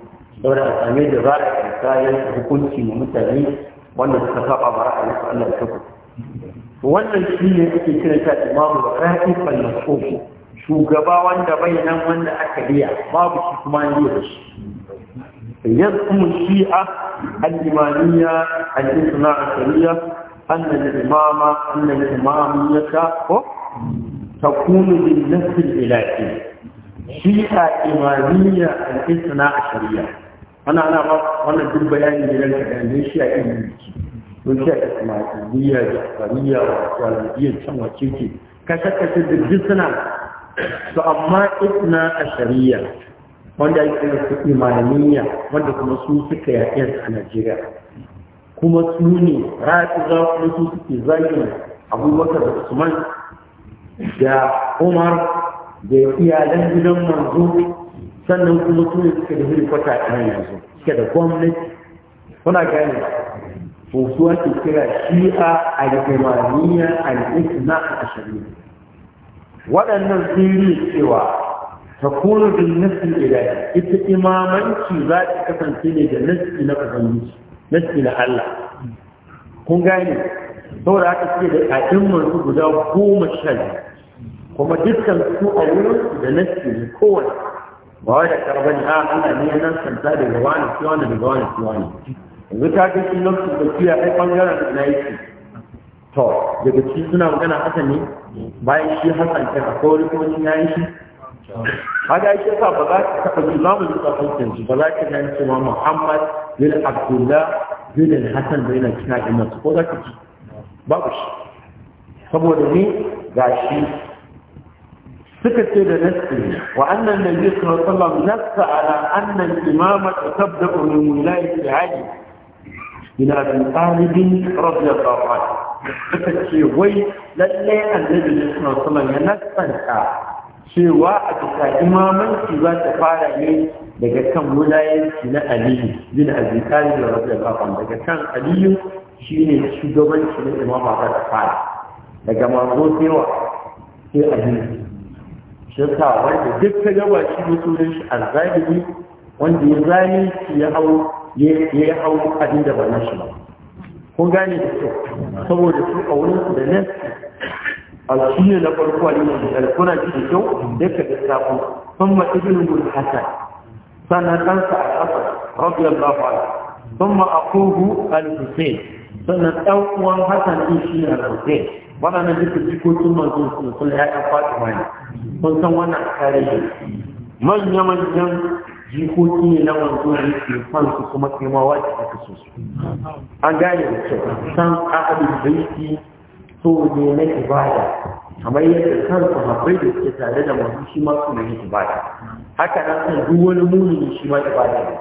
Speaker 1: saboda a same da za a kayan hukunci na mutane wanda suka saba ba ra'ayi su Allah ya wannan shi ne ake kiran ta imamu ra'ifan nasuhu shugaba wanda bai nan wanda aka biya babu shi kuma an yi da shi yan kuma shi a al-imaniya al-isra na asariya annal imama annal imamu ya ta ko ta kunu bin nasir ilahi shi a imaniya al-isra na asariya ana ana ba wanda duk bayani ne ran kadan ne shi a imaniya don shi a isma'iliya da asariya wa asariya can wace ce kashe-kashe duk suna to amma ibna a shari'a wanda ake yin su imaniya wanda kuma su suka yaƙe a najeriya kuma su ne rafi za kuma su suke zagin abubakar da usman da umar da iyalan gidan manzo sannan kuma su ne suke da kwata a nan yanzu suke da gwamnati kuna gane ba su ake kira shi'a al-imaniya al-isna a waɗannan sun cewa ta kuma bin nasi ilahi ita imamanci za ta kasance ne da nasi na ubangiji nasi na Allah kun gane saboda haka suke da ƙaƙin masu guda goma sha kuma dukkan su a wurin da nasi ne kowane ba wai da karban a ah, ana ne nan santa daga wani kiwa daga wani kiwa ne yanzu ta ga shi lokacin da kiya ai bangaren na yake to daga ciki suna magana haka ne bayan shi hasan kan akwai wani kuma shi yayi shi haka yake sa ba za ka taɓa jin zamu rika saukin shi ba za ka gani cewa Muhammad bin Abdullah bin Hassan bai na kina da masu ko za ka ci babu shi saboda ni ga shi suka ce da nasi wa annan da yi sallallahu alaihi wasallam nassa ala annan imama tabda min wilayati ali ila bin talib radiyallahu anhu ce wai lallai annabi ne suna saman ya nasanta cewa a bisa imamanci za ta fara ne daga kan wulayenci na aliyu bin abi talib da rabu da daga kan aliyu shine shugabanci na imama za ta fara daga mazo sai sai aliyu shi yasa wanda duk ta gaba shi ne da shi alzahiri wanda ya zalunci ya hau ya hau abin da ba na shi ba kun gane da kyau saboda su a wurin su da nan a shi ne na farko a yin alkuna ji da kyau da ka ku sun ma ibn gul hasan sannan ɗansa a ƙasa rabiyar lafa sun ma akuhu al-hussein sannan ɗan uwan hasan ɗin shi ne al-hussein waɗannan duka jikokin manzo sun sun ya'yan fatima ne sun san wannan tarihi manya-manyan jikoki ne na wanzu da yake fansu kuma kai ma wace aka so su an gane da kyau san ahalin baiti so ne na ibada kamar yadda kan sahabbai da suke tare da masu shi ma su ne ibada haka nan kan duk wani ne shi ma ibada ne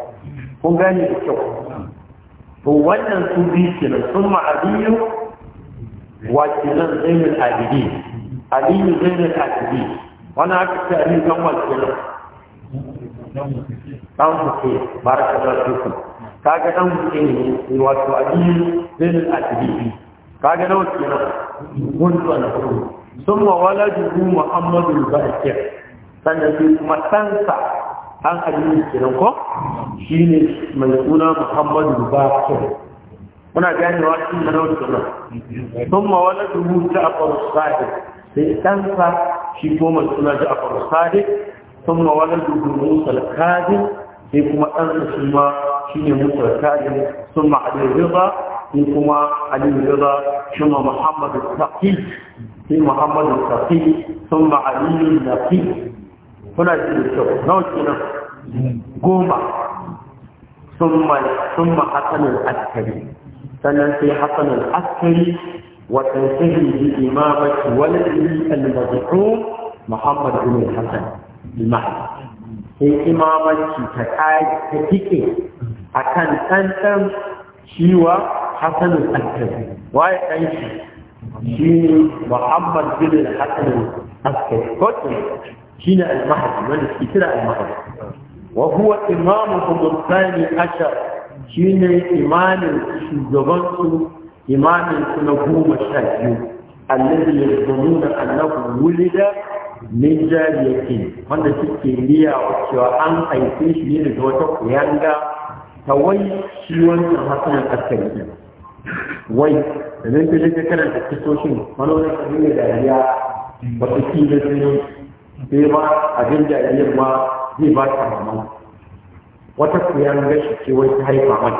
Speaker 1: kun gane da kyau to wannan su biyu kenan sun ma'adiyu nan kenan zainul abidi aliyu zainul abidi wani aka ce aliyu kan wa kenan
Speaker 2: dan
Speaker 1: buke baraka da su kaga dan buke ne wato ali bin al-adibi kaga nawa kenan gundu na kudu summa waladuhu muhammadu bakir sannan sai kuma ɗansa an aliyu kenan ko ne mai suna muhammadu bakir kuna ganewa cikin da nawa kenan ta a ja'far sadiq sai ɗansa shi kuma mai suna ja'far sadiq ثم ولده موسى الكاذب sai kuma ɗansa shi ma shi ne musa alkalim sun ma ali rida sai kuma ali rida shi ma muhammad tafi sai muhammad tafi sun ma ali nafi kuna ji da kyau nawa kenan goma sun ma sun ma hasan al-askari sannan sai imamati waladihi muhammad limani sai imamanci ta ta tike a kan tsantsan shiwa hasanin askari waye ɗan shi shi ne muhammad bin hasanin askari kotun shi ne almahadi wanda suke kira almahadi wa huwa imamu hudurtani ashar shi ne imamin shugabansu imamin su na goma sha biyu annabi ya zama annahu wulida min jariyatin wanda suke liya cewa an haife shi ne daga wata kuyanga ta wai shi wancan hasanan askari wai da zai fi jirgin da kisoshin wani wani kasar da dariya ba su ki da sun sai ba abin jariyar ma zai ba ta mama wata kuyanga shi ce wai ta haifa mai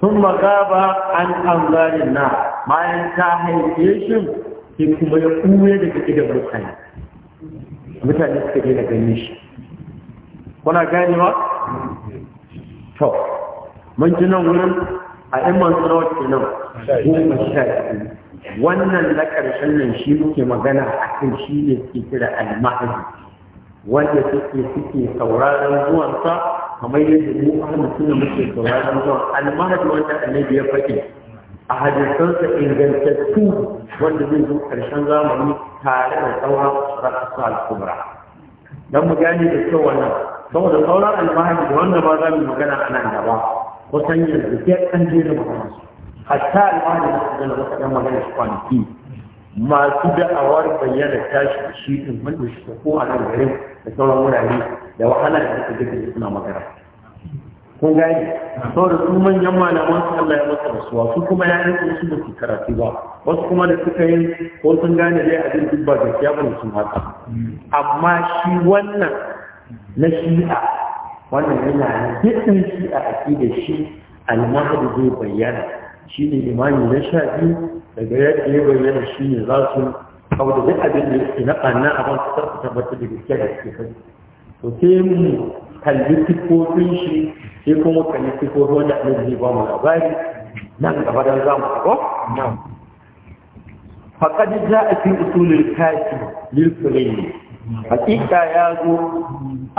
Speaker 1: sun magaba an an na bayan ta haife shi sai kuma ya ɓuya daga idan mutane mutane suka daina ganin shi kuna ganewa to mun ji nan wurin a ɗan masu nawa kenan goma sha wannan na ƙarshen nan shi muke magana a kan shi ne suke kira almahadi wanda suke suke sauraron zuwansa kamar yadda mu ahmad suna muke sauraron zuwan almahadi wanda annabi ya faɗi a hadisansa ingantattu wanda zai zo ƙarshen zamani tare da sauran ra'asa al-kubra dan mu gane da kyau wannan saboda sauran almahadi da wanda ba za mu magana a nan gaba kusan yanzu sai an je da magana hatta almahadi da wata dan magana shi kwanaki masu da'awar bayyana tashi da shi din wanda shi ko a nan garin da sauran wurare da wahala da suka duka suna magana kun gani saboda su manyan malaman Allah ya masa rasuwa su kuma ya yi su da su karatu ba wasu kuma da suka yi ko sun gane dai abin duk ba ya ba sun haka amma shi wannan na shi'a wannan yana dukkan shi'a a ki da shi almahadi zai bayyana shi ne na sha biyu daga yadda ya bayyana shi ne za su kawo da duk abin da yake na ɓanna a ban su tabbatar da gaskiya da suke kai to sai mu kalli sifofin shi sai kuma kalli sifofin wanda annabi zai ba mu labari nan gaba dan za mu ko faqad ja'a fi usulil kafi lil kulayni hakika ya zo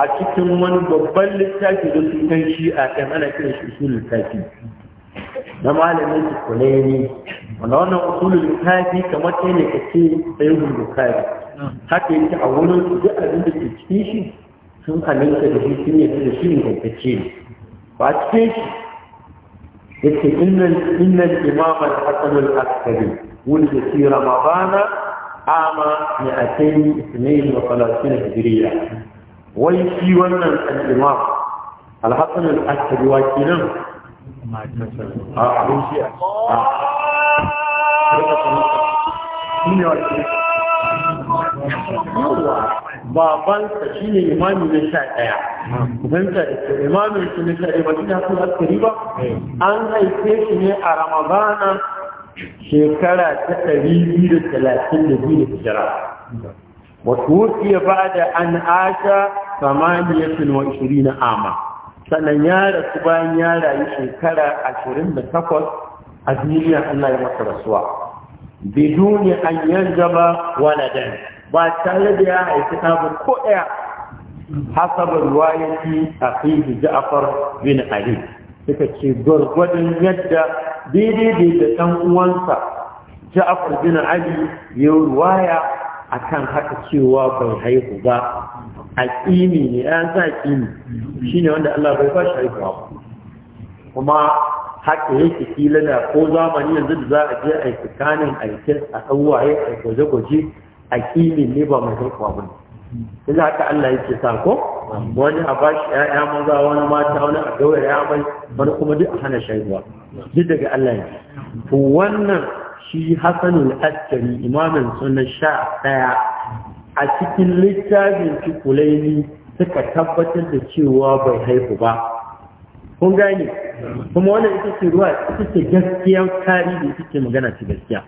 Speaker 1: a cikin wani babban littafi da su kan shi a kan ana kiran shi
Speaker 2: usulul kafi
Speaker 1: na malamin su kule ne wanda wannan usulul kafi kamar ɗaya ne ka ce sai bukari haka yake a wurin su duk abin da ke cikin shi tun a nan da shi sun yi da shi ingantacce ne ba cikin shi yake innan innan imaman hasanul askari wulda shi ramadana
Speaker 2: ama ne a kai
Speaker 1: ismail wa falasin hijriya wai shi wannan al
Speaker 2: alhassan al'askari wa kenan a abin shi a shi ne wa kenan
Speaker 1: yawa babansa shi ne imami na sha ɗaya fahimta da ke imami shi na sha ɗaya ba shi hasu askari ba an haife shi ne a ramadana shekara ta ɗari biyu da talatin da biyu da hijira وتوفي بعد أن عاش ثمانية na عاما sannan ya rasu bayan ya rayu shekara ashirin da takwas a duniya Allah ya masa rasuwa biduni an yanzaba waladan ba tare da ya haifi ɗabu ko ɗaya hasabar ruwayati a fi ja'afar bin ali suka ce gwargwadon yadda daidai da ɗan uwansa ja'afar bin ali ya ruwaya akan haka cewa bai haihu ba a ƙini ne ya sa aƙini shi ne wanda Allah bai ba shi haihuwa kuma haka yake kila da ko zamani yanzu da za a je a yi tsakanin a a ɗauwaye a gwaje-gwaje aqilin ne ba mai kurkuwa ba ina haka Allah yake sa ko wani a bashi ƴaƴa maza wani mata wani a gaura ya mai wani kuma duk a hana shaiwa duk daga Allah ne to wannan shi Hasanul Askari imamin sunan sha daya a cikin littafin Kulaini suka tabbatar da cewa bai haihu ba kun gane kuma wannan ita ce ruwa ita ce gaskiyar tarihi ita ce magana ce gaskiya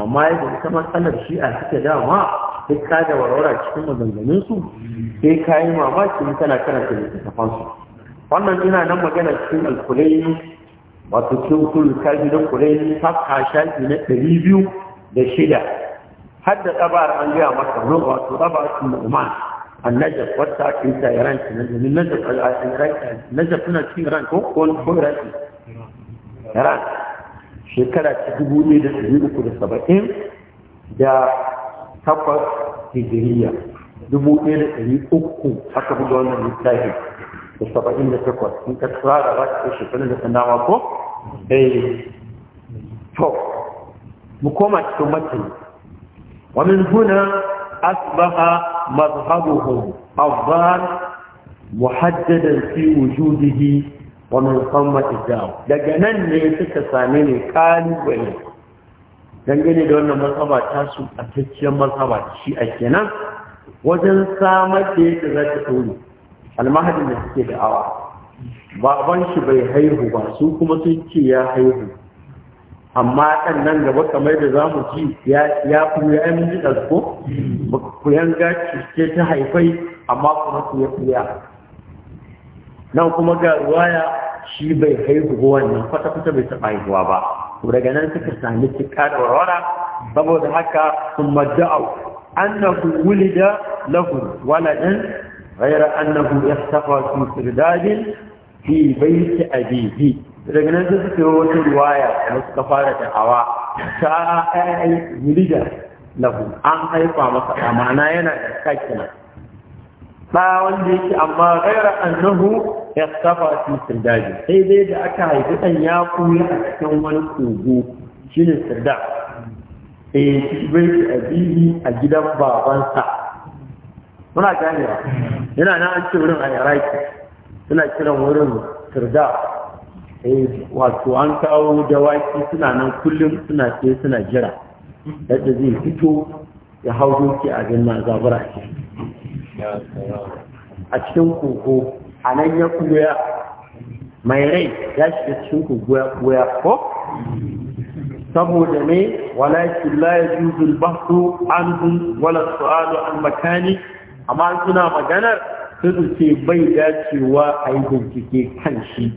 Speaker 1: amma yadda ita matsalar shi a suke dama duk ka da warwara cikin maganganun su sai ka yi mamaki in kana karanta littattafan su wannan ina nan magana cikin alkulai wato cikin kullu kaji na kulaini haka shafi na ɗari biyu da shida har da tsabar an gaya masa ruwa wato tsabar su mu'man النجف والساعة انت ايران النجف النجف هنا في ايران wani ko كو ايران yaran. shekara ta dubu ne da ɗari uku da saba'in da takwas hijiriya dubu ɗaya da ɗari uku aka buga wannan littafin da saba'in da takwas in ka tsara za ka shekarun da ta dama ko eh to mu koma cikin matan ومن هنا أصبح مظهرهم الظاهر محددا في وجوده wa min qamma idawo daga nan ne suka same ni kalubale dangane da wannan matsaba ta su a tacciyar matsaba shi a kenan wajen samar da yadda za ta tsoro almahadin da suke da awa, baban shi bai haihu ba su kuma sun ce ya haihu amma ɗan nan gaba kamar da za mu ji ya kuma ya yi ji ɗasko ku yanga ce ta haifai amma kuma ku ya nan kuma ga ruwaya shi bai haihu wannan kwata-kwata bai taɓa haihuwa ba to daga nan suka sami cika da warwara saboda haka sun madda'au annahu wulida lahu waladan ghayra annahu yastafa fi sirdadin fi baiti abihi daga nan sai suka wata ruwaya da suka fara da hawa ta ai wulida lahu an haifa masa amana yana da kakina ba wanda yake amma gaira annahu ya safa fi sirdaji sai dai da aka haifi ɗan ya kuya a cikin wani kogo shi ne sirda e bai a bibi a gidan babansa muna ganewa yana na an ce wurin a iraki suna kiran wurin sirda eh, wato an kawo dawaki suna nan kullum suna ce suna jira yadda zai fito ya hau doki a ganin zabura a cikin kogo a nan ya kuya mai rai ya shiga cikin kogo ya kuya ko saboda ne walakin la yajuzu al-bahru anhum wala su'alu an makani amma suna maganar sun ce bai dacewa a yi bincike kan shi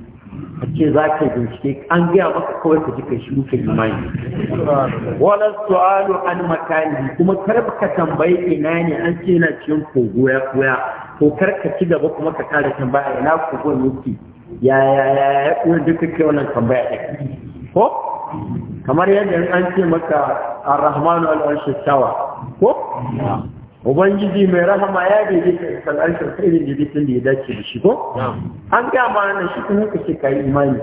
Speaker 1: a ce za ka bincike an gaya maka kawai ka ji ka shiru ka imani wala su'alu an makani kuma kar ka tambayi ina ne an ce na cikin kogo ya koya to kar ka ci gaba kuma ka kare tambaya ina kogon yake ya ya ya ya kuma duka kai wannan tambaya ɗin ko kamar yadda an ce maka ar-rahmanu al-arshi ko ubangiji mai rahama ya daidai ka isan arshin sai da da ya dace da shi ko an ga ma nan shi kuma ka ce kai imani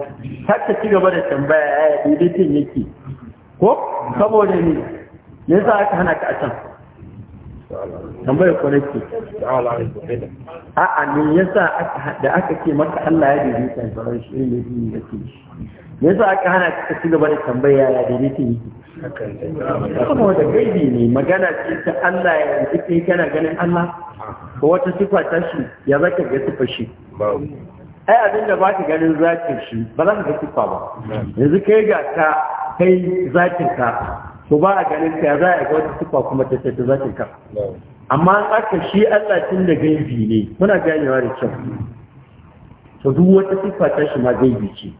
Speaker 1: har ka ci gaba da tambaya ya daidaitin yake ko saboda ne me yasa aka hana ka a can tambayar ke. a'a me yasa da aka ce maka Allah ya daidaita da shi ne da yake shi yanzu aka hana ka ci gaba da tambaya ya daidaitin
Speaker 2: Kuma wata gaibi ne
Speaker 1: magana ce ta Allah ya yi kai kana ganin Allah ko wata sifa ta shi ya zaka ga sifa shi ai abin da baka ganin zakin shi ba za ka ga sifa ba yanzu kai ga ka kai zakin ka to ba a ganin ka za a ga wata sifa kuma ta ta zakin ka amma aka shi Allah tun da gaibi ne muna ganewa da kyau to duk wata sifa ta shi ma gaibi ce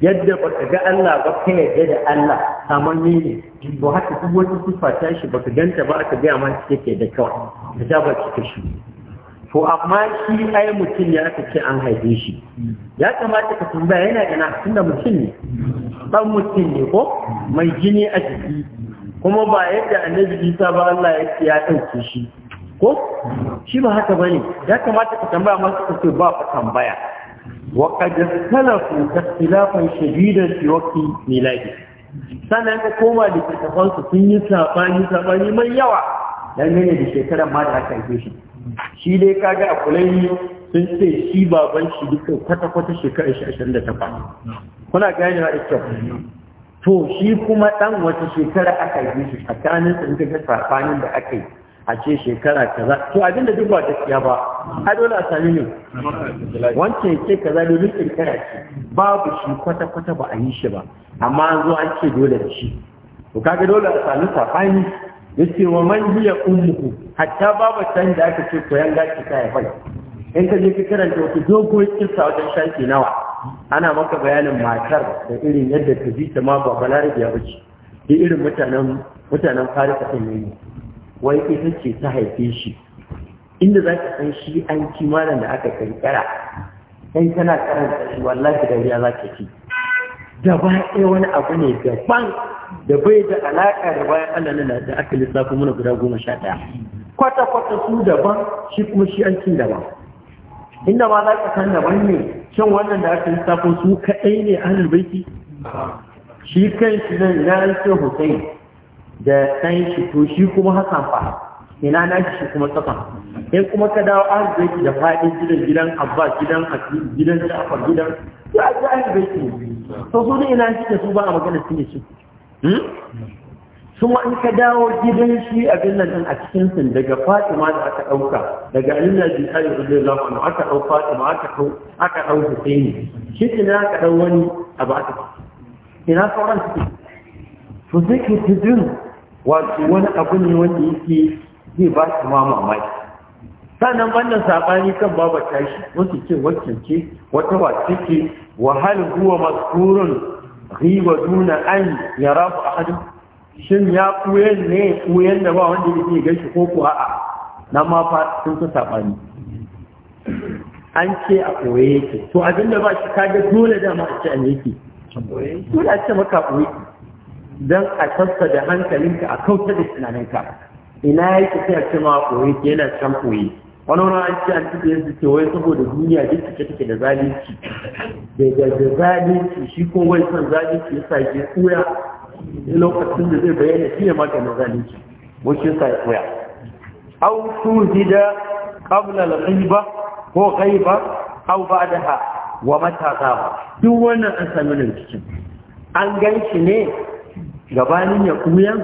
Speaker 1: yadda ba ka ga Allah ba ka yadda da Allah samanni ne ba haka duk wani sifa ta shi ba ka ganta ba aka gaya ma shi yake da kawai da ta ba ka shi to amma shi ai mutum ya aka ce an haife shi ya kamata ka tambaya yana da nasin da mutum ne dan mutum ne ko mai jini a jiki kuma ba yadda annabi Isa ba Allah ya ya dauke shi ko shi ba haka bane ya kamata ka tambaya ma ka ce ba ka tambaya وقد اختلفوا اختلافا شديدا في وقت ميلاده sannan ka koma da littattafansu sun yi saɓani-saɓani mai yawa dangane da shekarar ma da aka haife shi shi dai kaga a kulai sun ce shi baban shi duka kwata-kwata shekarar shi ashirin da takwas kuna gane da kyau to shi kuma dan wata shekara aka haife shi tsakanin sun ga sabanin da aka yi a ce shekara kaza to abin da duk ba gaskiya ba a dole a sami ne wancan ce kaza domin kirkira ce babu shi kwata kwata ba a yi shi ba amma an zo an ce dole da shi to kaga dole a sami sabani yace wa man hiya ummuhu hatta babu can da aka ce koyan gaci ta ya bai in ka je ka karanta wata dogon kissa wajen shafi nawa ana maka bayanin matar da irin yadda ta ji ta ma ba balarabiya ba da irin mutanen mutanen farisa ɗin ne wai ita ce ta haife shi inda za ka san shi an ci malam da aka kankara in kana karanta shi wallahi dariya za ka ci Da
Speaker 2: ba ɗaya wani
Speaker 1: abu ne daban da bai da alaƙa da bayan Allah na da aka lissafi mana guda goma sha ɗaya kwata-kwata su daban shi kuma shi an ci daban inda ma za ka san daban ne shan wannan da aka lissafo su kaɗai ne ahlul baiti shi kan shi nan ya ce Hussein da ɗan shi to shi kuma hasan fa ina na shi kuma tsaka in kuma ka dawo an zai da faɗin gidan gidan abba gidan asiri gidan shafa gidan ya ji an zai to su ina shi da su ba a magana su ne su kuma hmm? an ka dawo gidan shi a nan ɗin a cikin sun daga fatima da aka ɗauka daga alina bi ali radiyallahu anhu aka ɗau fatima aka ɗau aka ɗau husaini shi ina aka ɗau wani abu aka ina sauran su to sai ke wato wani abu ne wanda yake zai ba su ma mamaki sannan wannan sabani kan babu tashi wasu ce wacce ce wata wacce ce wahal huwa maskurun riba duna an yara a ahadu shin ya kuyen ne kuyen da ba wanda yake gashi ko ko a'a nan ma fa sun ta sabani an ce a koye yake to abinda ba shi kaga dole da ma a ce an yake dole a ce maka koye don a tafka da hankalinka a kauta da tunaninka ina yake sai a ce ma koyi yana can koyi wani wani an ce an tuɗe yanzu ce wai saboda duniya duk take take da zalunci daga da zalunci shi ko wai son zalunci ya sa ke koya lokacin da zai bayyana shi ne maganin zalunci wace sa ya koya aw tuzida da al-ghiba ko ghaiba da ba'daha wa mata duk wannan an sami nan cikin an gan shi ne gabanin ya kuyan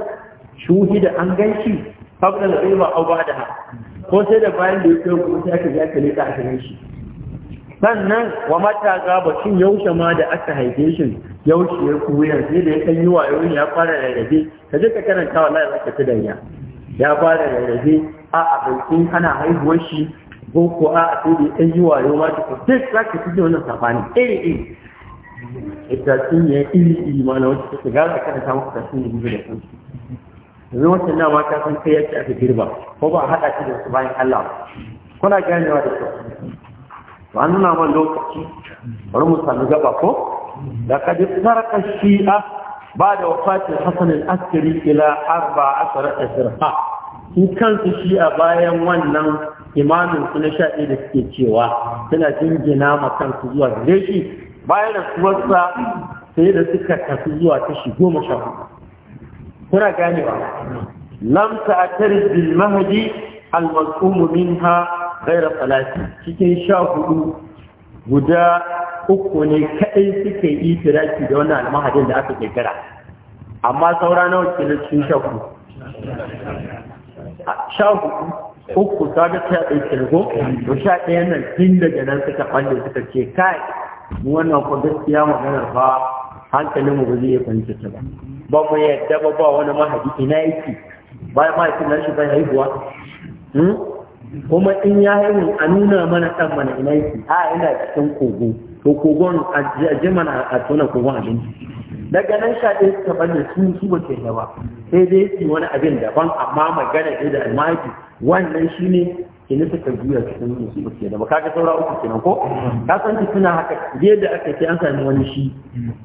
Speaker 1: da an ganshi da al aw ba'daha ko sai da bayan da ya kai ko sai aka ga kale ta shirin shi sannan wa mata ga batun yaushe ma da aka haife shi yaushe ya kuyan sai da ya kan yi wayo ya fara rarrabe ka je ka karanta wallahi zaka ci danya ya fara rarrabe a abokin kana haihuwar shi ko ko a sai da ya kan yi wayo ma duk zaka ci wannan safani Eh eh. tatsuniya iri iri ma na gaza ta maka tatsuniya da kansu yanzu wancan na mata sun kai yadda da bayan Allah kuna da kyau to an nuna gaba ko da ba da wafatin ila arba asara kansu shi'a bayan wannan imamin su na sha da suke cewa suna jingina ma kansu bayan rasuwarsa sai da suka tafi zuwa kashi goma sha kuna ganewa lam ta'tari bil mahdi al mazkum minha ghayra salati cikin sha hudu guda uku ne kadai suke yi tiraki da wannan almahadin da aka kirkira amma saura nawa kenan cikin sha hudu sha hudu uku ta ga ta ɗauke ko to sha ɗaya nan tun daga nan suka ɓalle suka ce kai mu wannan ko gaskiya maganar fa hankalin mu ba zai kwanci ta ba ba mu yadda ba ba wani mahadi ina yake ba mahaifin nan shi ba buwa haihuwa hmm? kuma in ya haihu a nuna mana kan mana ina yake a ina cikin kogo to kogon a je mana a tona kogon abinci daga nan sha ɗaya suka bane su su ba ke ba sai dai su wani abin daban amma magana dai da almahaifi wannan shine ina suka juya cikin musu ke da baka ga saura uku kenan ko ka san ki suna haka je da aka ce an sami wani shi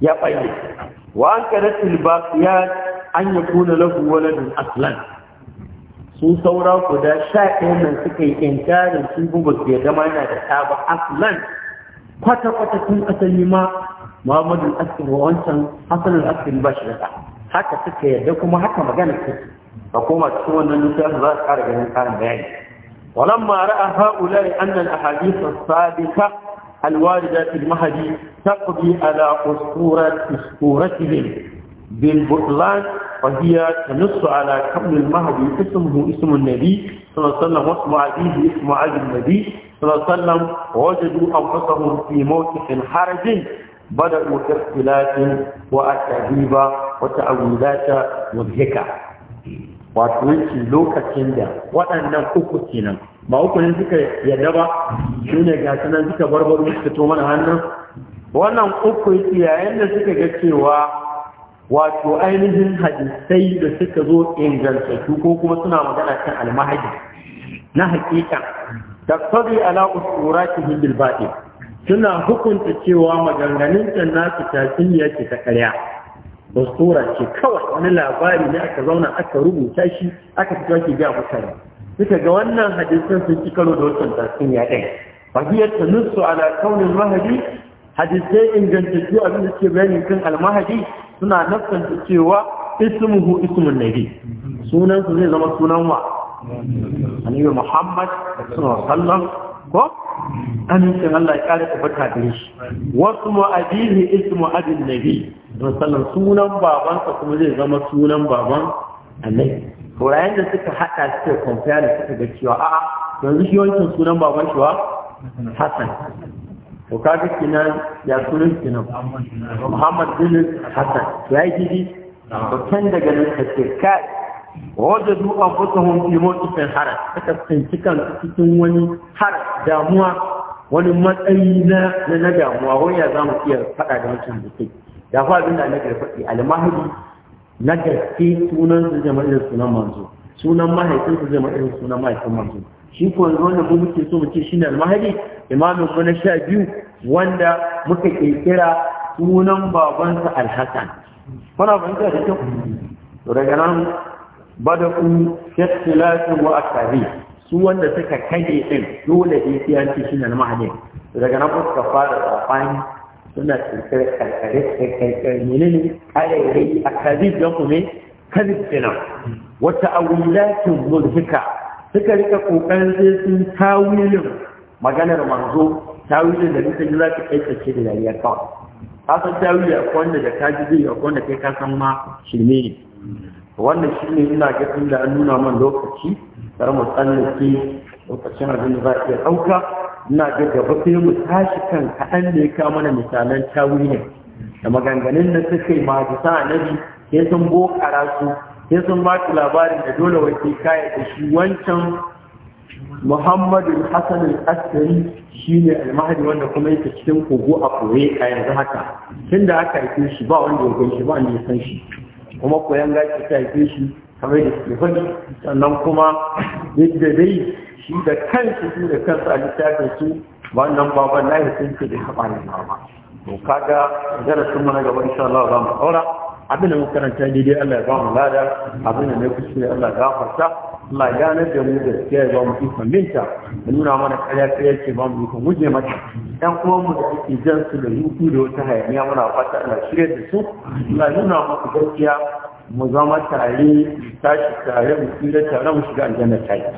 Speaker 1: ya bayyana wa an karat al baqiyat an yakuna lahu waladun aslan su saura ku da ɗaya nan suka yi inkarin su ba su yarda ma da ta ba aslan kwata kwata tun asali ma muhammadu al wancan hasan al ba shi da haka suka yarda kuma haka magana take ba koma cikin wannan littafin za su ƙara ganin karin bayani ولما رأى هؤلاء أن الأحاديث السابقة الواردة في المهدي تقضي على أسطورة أسطورتهم بالبطلان وهي تنص على كون المهدي اسمه اسم النبي صلى الله عليه وسلم واسم عزيز اسم عز النبي صلى الله عليه وسلم وجدوا أنفسهم في موقف حرج بدأوا كاختلاف وأكاذيب وتأويلات مضحكة wato yake lokacin da waɗannan uku kenan ba uku ne suka yadda ba shi ne ga sanan suka barbaro suka to mana hannun wannan uku yake yayin da suka ga cewa wato ainihin hadisai da suka zo ingantattu ko kuma suna magana kan almahadi na hakika da taqtadi ala usuratihi bil ba'i suna hukunta cewa maganganun can nasu tasin yake ta ƙarya basura ce kawai wani labari ne aka zauna aka rubuta shi aka fito ke a mutane suka ga wannan hadisin sun ci karo da wancan tasirin ya ɗaya fa hiya tanussu ala kaunin mahadi hadisai ingantattu abin da suke bayani kan almahadi suna nafsanta cewa ismuhu ismun nabi sunan su zai zama sunan wa annabi muhammad sallallahu alaihi wasallam ko amincin Allah ya kare tabbata da shi wasu mu'abihi ismu abin nabi musallan sunan babansa kuma zai zama sunan baban annabi korayen da suka haɗa suka kwanfaya da suka ga cewa a'a yanzu shi wancan sunan baban shi wa hassan to kaga kinan ya sunan kinan muhammad bin hassan ya yi gidi to can daga nan ka ce kai wajadu anfusahum fi mawqifin haraj aka tsinci kan cikin wani har damuwa wani matsayi na na damuwa wani ya zama iya faɗa da wancan da ke da fa abinda da na garfaɗi almahdi na gaske sunan su zama irin sunan manzo sunan mahaifin su zama irin sunan mahaifin manzo shi ko yanzu wanda mu muke so mu ce shine almahdi imamin ko na sha biyu wanda muka kirkira sunan babansa alhasan kuna fahimta da kyau to daga nan bada'u ikhtilafin wa akari su wanda suka kage din dole ne sai an ci shine mahadi daga nan suka fara tsafani suna tsirkar karkare karkare menene kayayyaki akadib don kuma kadib kenan wata awilatin mulhika suka rika kokarin sai sun tawilin maganar manzo tawilin da duka za su ka aikace da dariya kawai ka san tawili akwai wanda da kaji zai akwai wanda kai ka san ma shirme ne wannan shi ne ina ga da an nuna man lokaci kar mu tsallake lokacin abin da za a iya ɗauka ina ga gaba sai mu tashi kan kaɗan da ya kawo mana misalan tawilin da maganganun da suka yi majisa annabi sai sun bokara su sai sun ba su labarin da dole wace kaya da shi wancan muhammadu hassan al-askari shi ne almahadi wanda kuma yake cikin kogo a koye a yanzu haka tun da aka haife shi ba wanda ya gan shi ba wanda ya san shi kuma koyan gashi ta haife shi kamar da suke faɗi sannan kuma yadda dai shi da kansu su da kansu a littafin su wannan baban na yi sun ce da haɓa ne ba to kaga zara sun mana gaba insha Allah za mu ɗaura abin da mu karanta daidai Allah ya ba mu lada abin da ne kuskure Allah ya gafarta Allah ganar da mu gaskiya ya ba mu ikon minta da nuna mana ƙarya ƙarya ce ba mu ikon guje mata ɗan kuma mu da suke jan su da yuku da wata hayaniya muna fata ana shirya da su Allah nuna
Speaker 2: muku gaskiya mu zama tare mu tashi tare mu tsira tare mu shiga aljanna tare